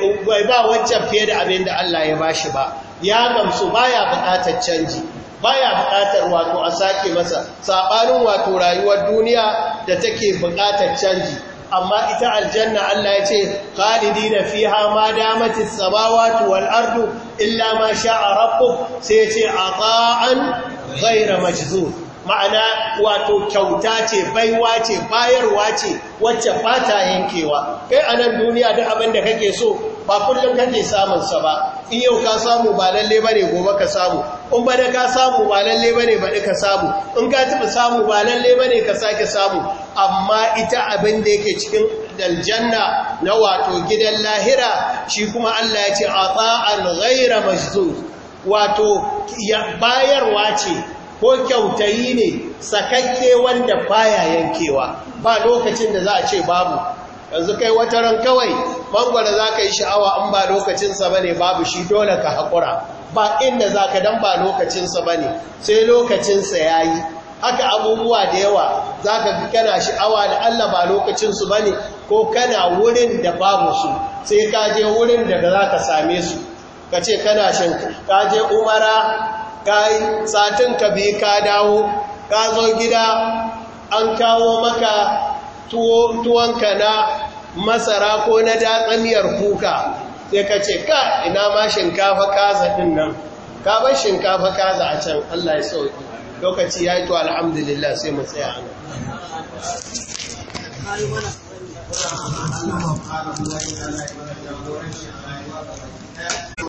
ba wancan fiye da abin da Allah ya bashi ba ya gamsu baya buƙatar canji baya buƙatar wato a sake masa saɓanin wato rayuwar duniya da take buƙatar canji amma ita aljanna Allah ya ce khalidina fiha ma damatis samawati wal ardu illa ma sha'a rabbuk sai ya ce ata'an ghayra majzun ma'ana wato kyauta ce baiwa ce bayarwa ce wacce ba ta yankewa kai a nan duniya duk abin da kake so ba kullum kake samun sa ba in yau ka samu ba lalle bane gobe ka samu in ba da ka samu ba lalle bane baɗi ka samu in ka tafi samu ba lalle bane ka sake samu amma ita abin da yake cikin daljanna na wato gidan lahira shi kuma Allah ya ce ata'an ghaira majzuz wato bayarwa ce ko kyautayi ne sakakke wanda baya yankewa ba lokacin da za a ce babu yanzu kai wata ran kawai bangwara za ka yi sha'awa an ba lokacinsa ba ne babu shi dole ka haƙura ba inda za ka dan ba lokacinsa ba ne sai lokacinsa ya yi haka abubuwa da yawa za ka kana sha'awa da Allah ba lokacinsu ba ne ko kana wurin da babu su sai ka je wurin da za ka same su ka ce kana shinka ka je umara ka satin ka bi ka dawo ka zo gida an kawo maka tuwonka na masara ko na datsamiyar kuka sai ka ce ka ina ma shinkafa kaza din nan ka bar shinkafa kaza a can Allah ya sauki lokaci ya yi to alhamdulillah sai mu tsaya a nan